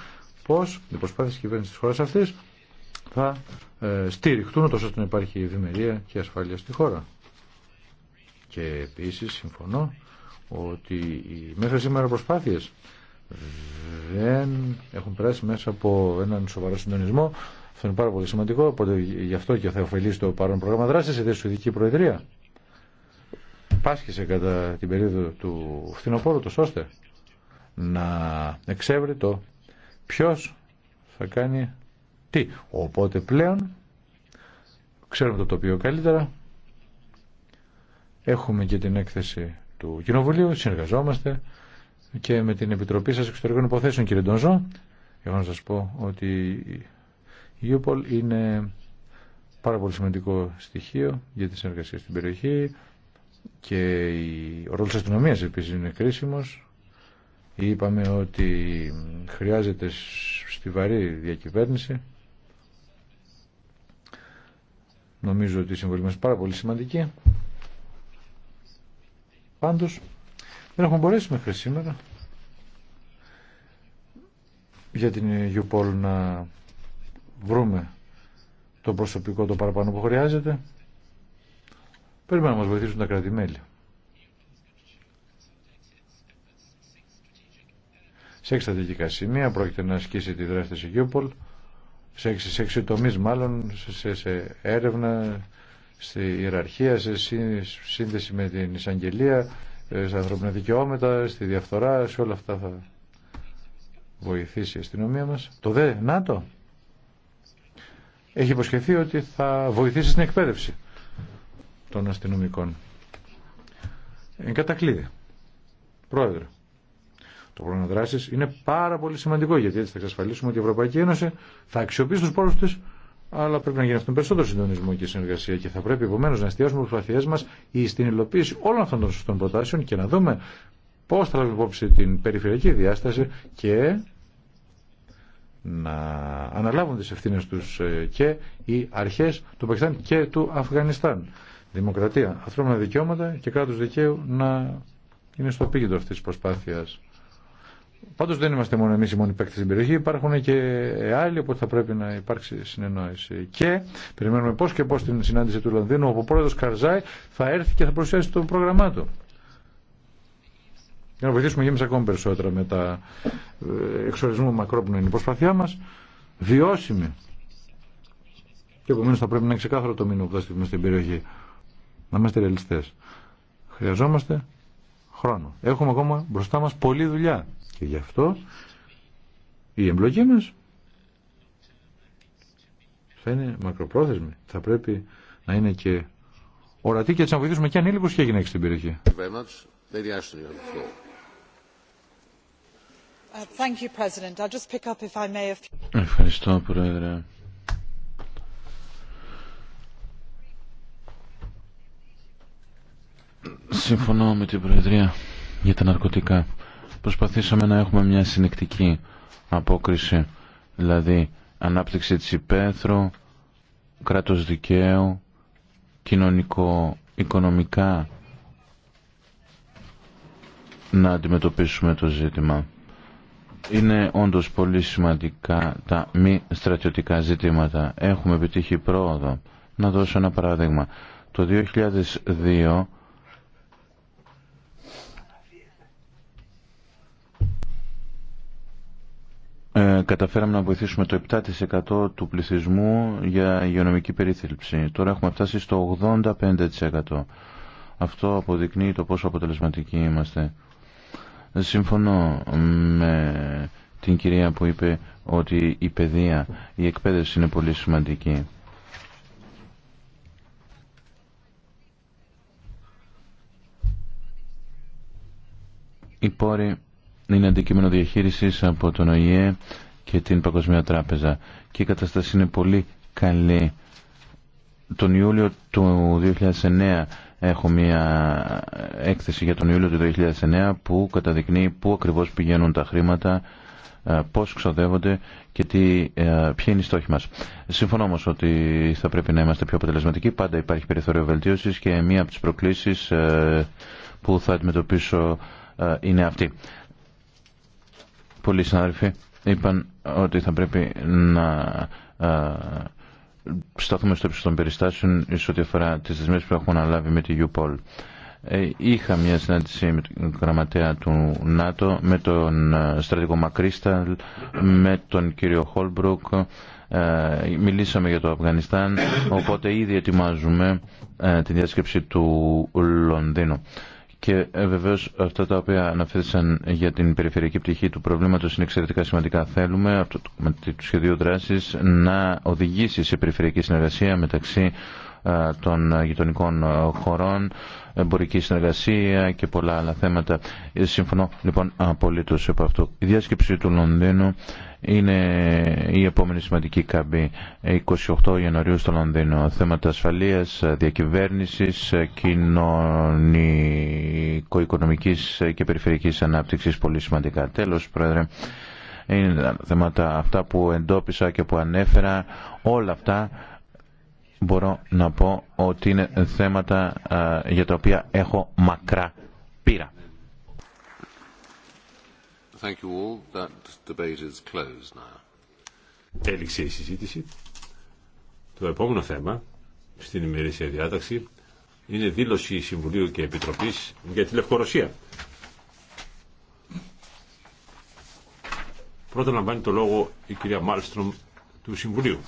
πώ οι προσπάθειες κυβέρνηση τη χώρα αυτής θα ε, στηριχτούν τόσο ώστε να υπάρχει ευημερία και ασφάλεια στη χώρα. Και επίση συμφωνώ ότι μέχρι σήμερα προσπάθειες δεν έχουν περάσει μέσα από έναν σοβαρό συντονισμό. Αυτό είναι πάρα πολύ σημαντικό, οπότε γι' αυτό και θα ωφελήσει το παρόν πρόγραμμα δράσης η Ειδική Προεδρία. Πάσχησε κατά την περίοδο του φθινοπόρου το ώστε να εξεύρει το ποιο θα κάνει τι. Οπότε πλέον ξέρουμε το τοπίο καλύτερα. Έχουμε και την έκθεση του Κοινοβουλίου. Συνεργαζόμαστε και με την Επιτροπή σας Εξωτερικών Υποθέσεων, κύριε Ντονζό. Εγώ να σας πω ότι η Ιούπολ είναι πάρα πολύ σημαντικό στοιχείο για τη συνεργασία στην περιοχή και ο ρόλος της αστυνομίας επίσης είναι κρίσιμος. Είπαμε ότι χρειάζεται στιβαρή διακυβέρνηση. Νομίζω ότι η συμβολή μας είναι πάρα πολύ σημαντική. Πάντως δεν έχουμε μπορέσει μέχρι σήμερα για την Ιουπόλ να βρούμε το προσωπικό το παραπάνω που χρειάζεται. Πρέπει να μας βοηθήσουν τα κρατημέλη. Σε έξι στρατηγικά σημεία πρόκειται να ασκήσει τη δράση της Ιουπόλ σε έξι, σε τομείς μάλλον, σε, σε έρευνα, στη ιεραρχία, σε σύνδεση με την εισαγγελία, ε, στα ανθρώπινα δικαιώματα, στη διαφθορά, σε όλα αυτά θα βοηθήσει η αστυνομία μας. Το δε έχει υποσχεθεί ότι θα βοηθήσει στην εκπαίδευση των αστυνομικών. Εν κατακλείδη. Πρόεδρε, το πρόγραμμα δράση είναι πάρα πολύ σημαντικό γιατί έτσι θα εξασφαλίσουμε ότι η Ευρωπαϊκή Ένωση θα αξιοποιήσει του πόρου τη αλλά πρέπει να γίνει αυτόν περισσότερο συντονισμό και συνεργασία και θα πρέπει επομένω να εστιάσουμε προσπαθίε μα στην υλοποίηση όλων αυτών των σωστών προτάσεων και να δούμε πώ θα λάβει υπόψη την περιφερειακή διάσταση και να αναλάβουν τις ευθύνες τους ε, και οι αρχές του Πακιστάν και του Αφγανιστάν. Δημοκρατία, ανθρώπινα δικαιώματα και κράτο δικαίου να είναι στο επίκεντρο αυτή τη προσπάθεια. Πάντως δεν είμαστε μόνο εμείς οι μόνοι παίκτες στην περιοχή, υπάρχουν και άλλοι, οπότε θα πρέπει να υπάρξει συνεννόηση. Και περιμένουμε πώς και πώς την συνάντηση του Λονδίνου, όπου ο πρόεδρος Καρζάη θα έρθει και θα προσφέρει το πρόγραμμά του. Για να βοηθήσουμε γέμιση ακόμα περισσότερα με τα ε, εξορισμού μακρόπνοη είναι η προσπαθειά μας, βιώσιμη. Και επομένω θα πρέπει να είναι ξεκάθαρο το μήνυμα που θα στείλουμε στην περιοχή. Να είμαστε ρεαλιστές. Χρειαζόμαστε χρόνο. Έχουμε ακόμα μπροστά μας πολλή δουλειά και γι' αυτό η εμπλοκή μας θα είναι μακροπρόθεσμη. Θα πρέπει να είναι και ορατή και έτσι να βοηθήσουμε και ανήλικους και γυναίκες στην περιοχή. Ευχαριστώ, Πρόεδρε. Συμφωνώ με την Προεδρία για τα ναρκωτικά προσπαθήσαμε να έχουμε μια συνεκτική απόκριση, δηλαδή ανάπτυξη της υπαίθρου, κράτος δικαίου, κοινωνικό, οικονομικά να αντιμετωπίσουμε το ζήτημα. Είναι όντως πολύ σημαντικά τα μη στρατιωτικά ζητήματα. Έχουμε επιτύχει πρόοδο. Να δώσω ένα παράδειγμα. Το 2002 Ε, καταφέραμε να βοηθήσουμε το 7% του πληθυσμού για υγειονομική περίθαλψη. Τώρα έχουμε φτάσει στο 85%. Αυτό αποδεικνύει το πόσο αποτελεσματικοί είμαστε. Συμφωνώ με την κυρία που είπε ότι η παιδεία, η εκπαίδευση είναι πολύ σημαντική. Οι πόροι είναι αντικείμενο διαχείρισης από τον ΟΗΕ και την Παγκοσμία Τράπεζα και η κατάσταση είναι πολύ καλή. Τον Ιούλιο του 2009 έχω μια έκθεση για τον Ιούλιο του 2009 που καταδεικνύει πού ακριβώς πηγαίνουν τα χρήματα, ε, πώς ξοδεύονται και τι, ε, ποια είναι η στόχη μας. Συμφωνώ όμως ότι θα πρέπει να είμαστε πιο αποτελεσματικοί. Πάντα υπάρχει περιθώριο βελτίωσης και μία από τις προκλήσεις ε, που θα αντιμετωπίσω είναι αυτή. Πολλοί συνάδελφοι είπαν ότι θα πρέπει να ε, σταθούμε στο ύψος των περιστάσεων σε ό,τι αφορά τις δεσμεύσεις που έχουμε αναλάβει με τη UPOL. Ε, είχα μια συνάντηση με τον γραμματέα του ΝΑΤΟ, με τον ε, στρατηγό Μακρίσταλ, με τον κύριο Χόλμπρουκ. Μιλήσαμε για το Αφγανιστάν, οπότε ήδη ετοιμάζουμε τη διάσκεψη του Λονδίνου. Και ε, βεβαίω αυτά τα οποία αναφέρθησαν για την περιφερειακή πτυχή του προβλήματο είναι εξαιρετικά σημαντικά. Θέλουμε αυτό το, με το σχεδίο δράση να οδηγήσει σε περιφερειακή συνεργασία μεταξύ των γειτονικών ε, χωρών εμπορική συνεργασία και πολλά άλλα θέματα. Ε, συμφωνώ λοιπόν απολύτω από αυτό. Η διάσκεψη του Λονδίνου είναι η επόμενη σημαντική καμπή. 28 ε, Ιανουαρίου στο Λονδίνο. Θέματα ασφαλείας, ε, διακυβέρνησης, κοινωνικο-οικονομικής και περιφερειακής ανάπτυξης. Πολύ σημαντικά. Τέλος, Πρόεδρε, είναι θέματα αυτά που εντόπισα και που ανέφερα. Όλα αυτά μπορώ να πω ότι είναι θέματα για τα οποία έχω μακρά πείρα. Thank Έληξε η συζήτηση. Το επόμενο θέμα στην ημερήσια διάταξη είναι δήλωση Συμβουλίου και Επιτροπής για τη Λευκορωσία. Πρώτα λαμβάνει το λόγο η κυρία Μάλστρομ του Συμβουλίου.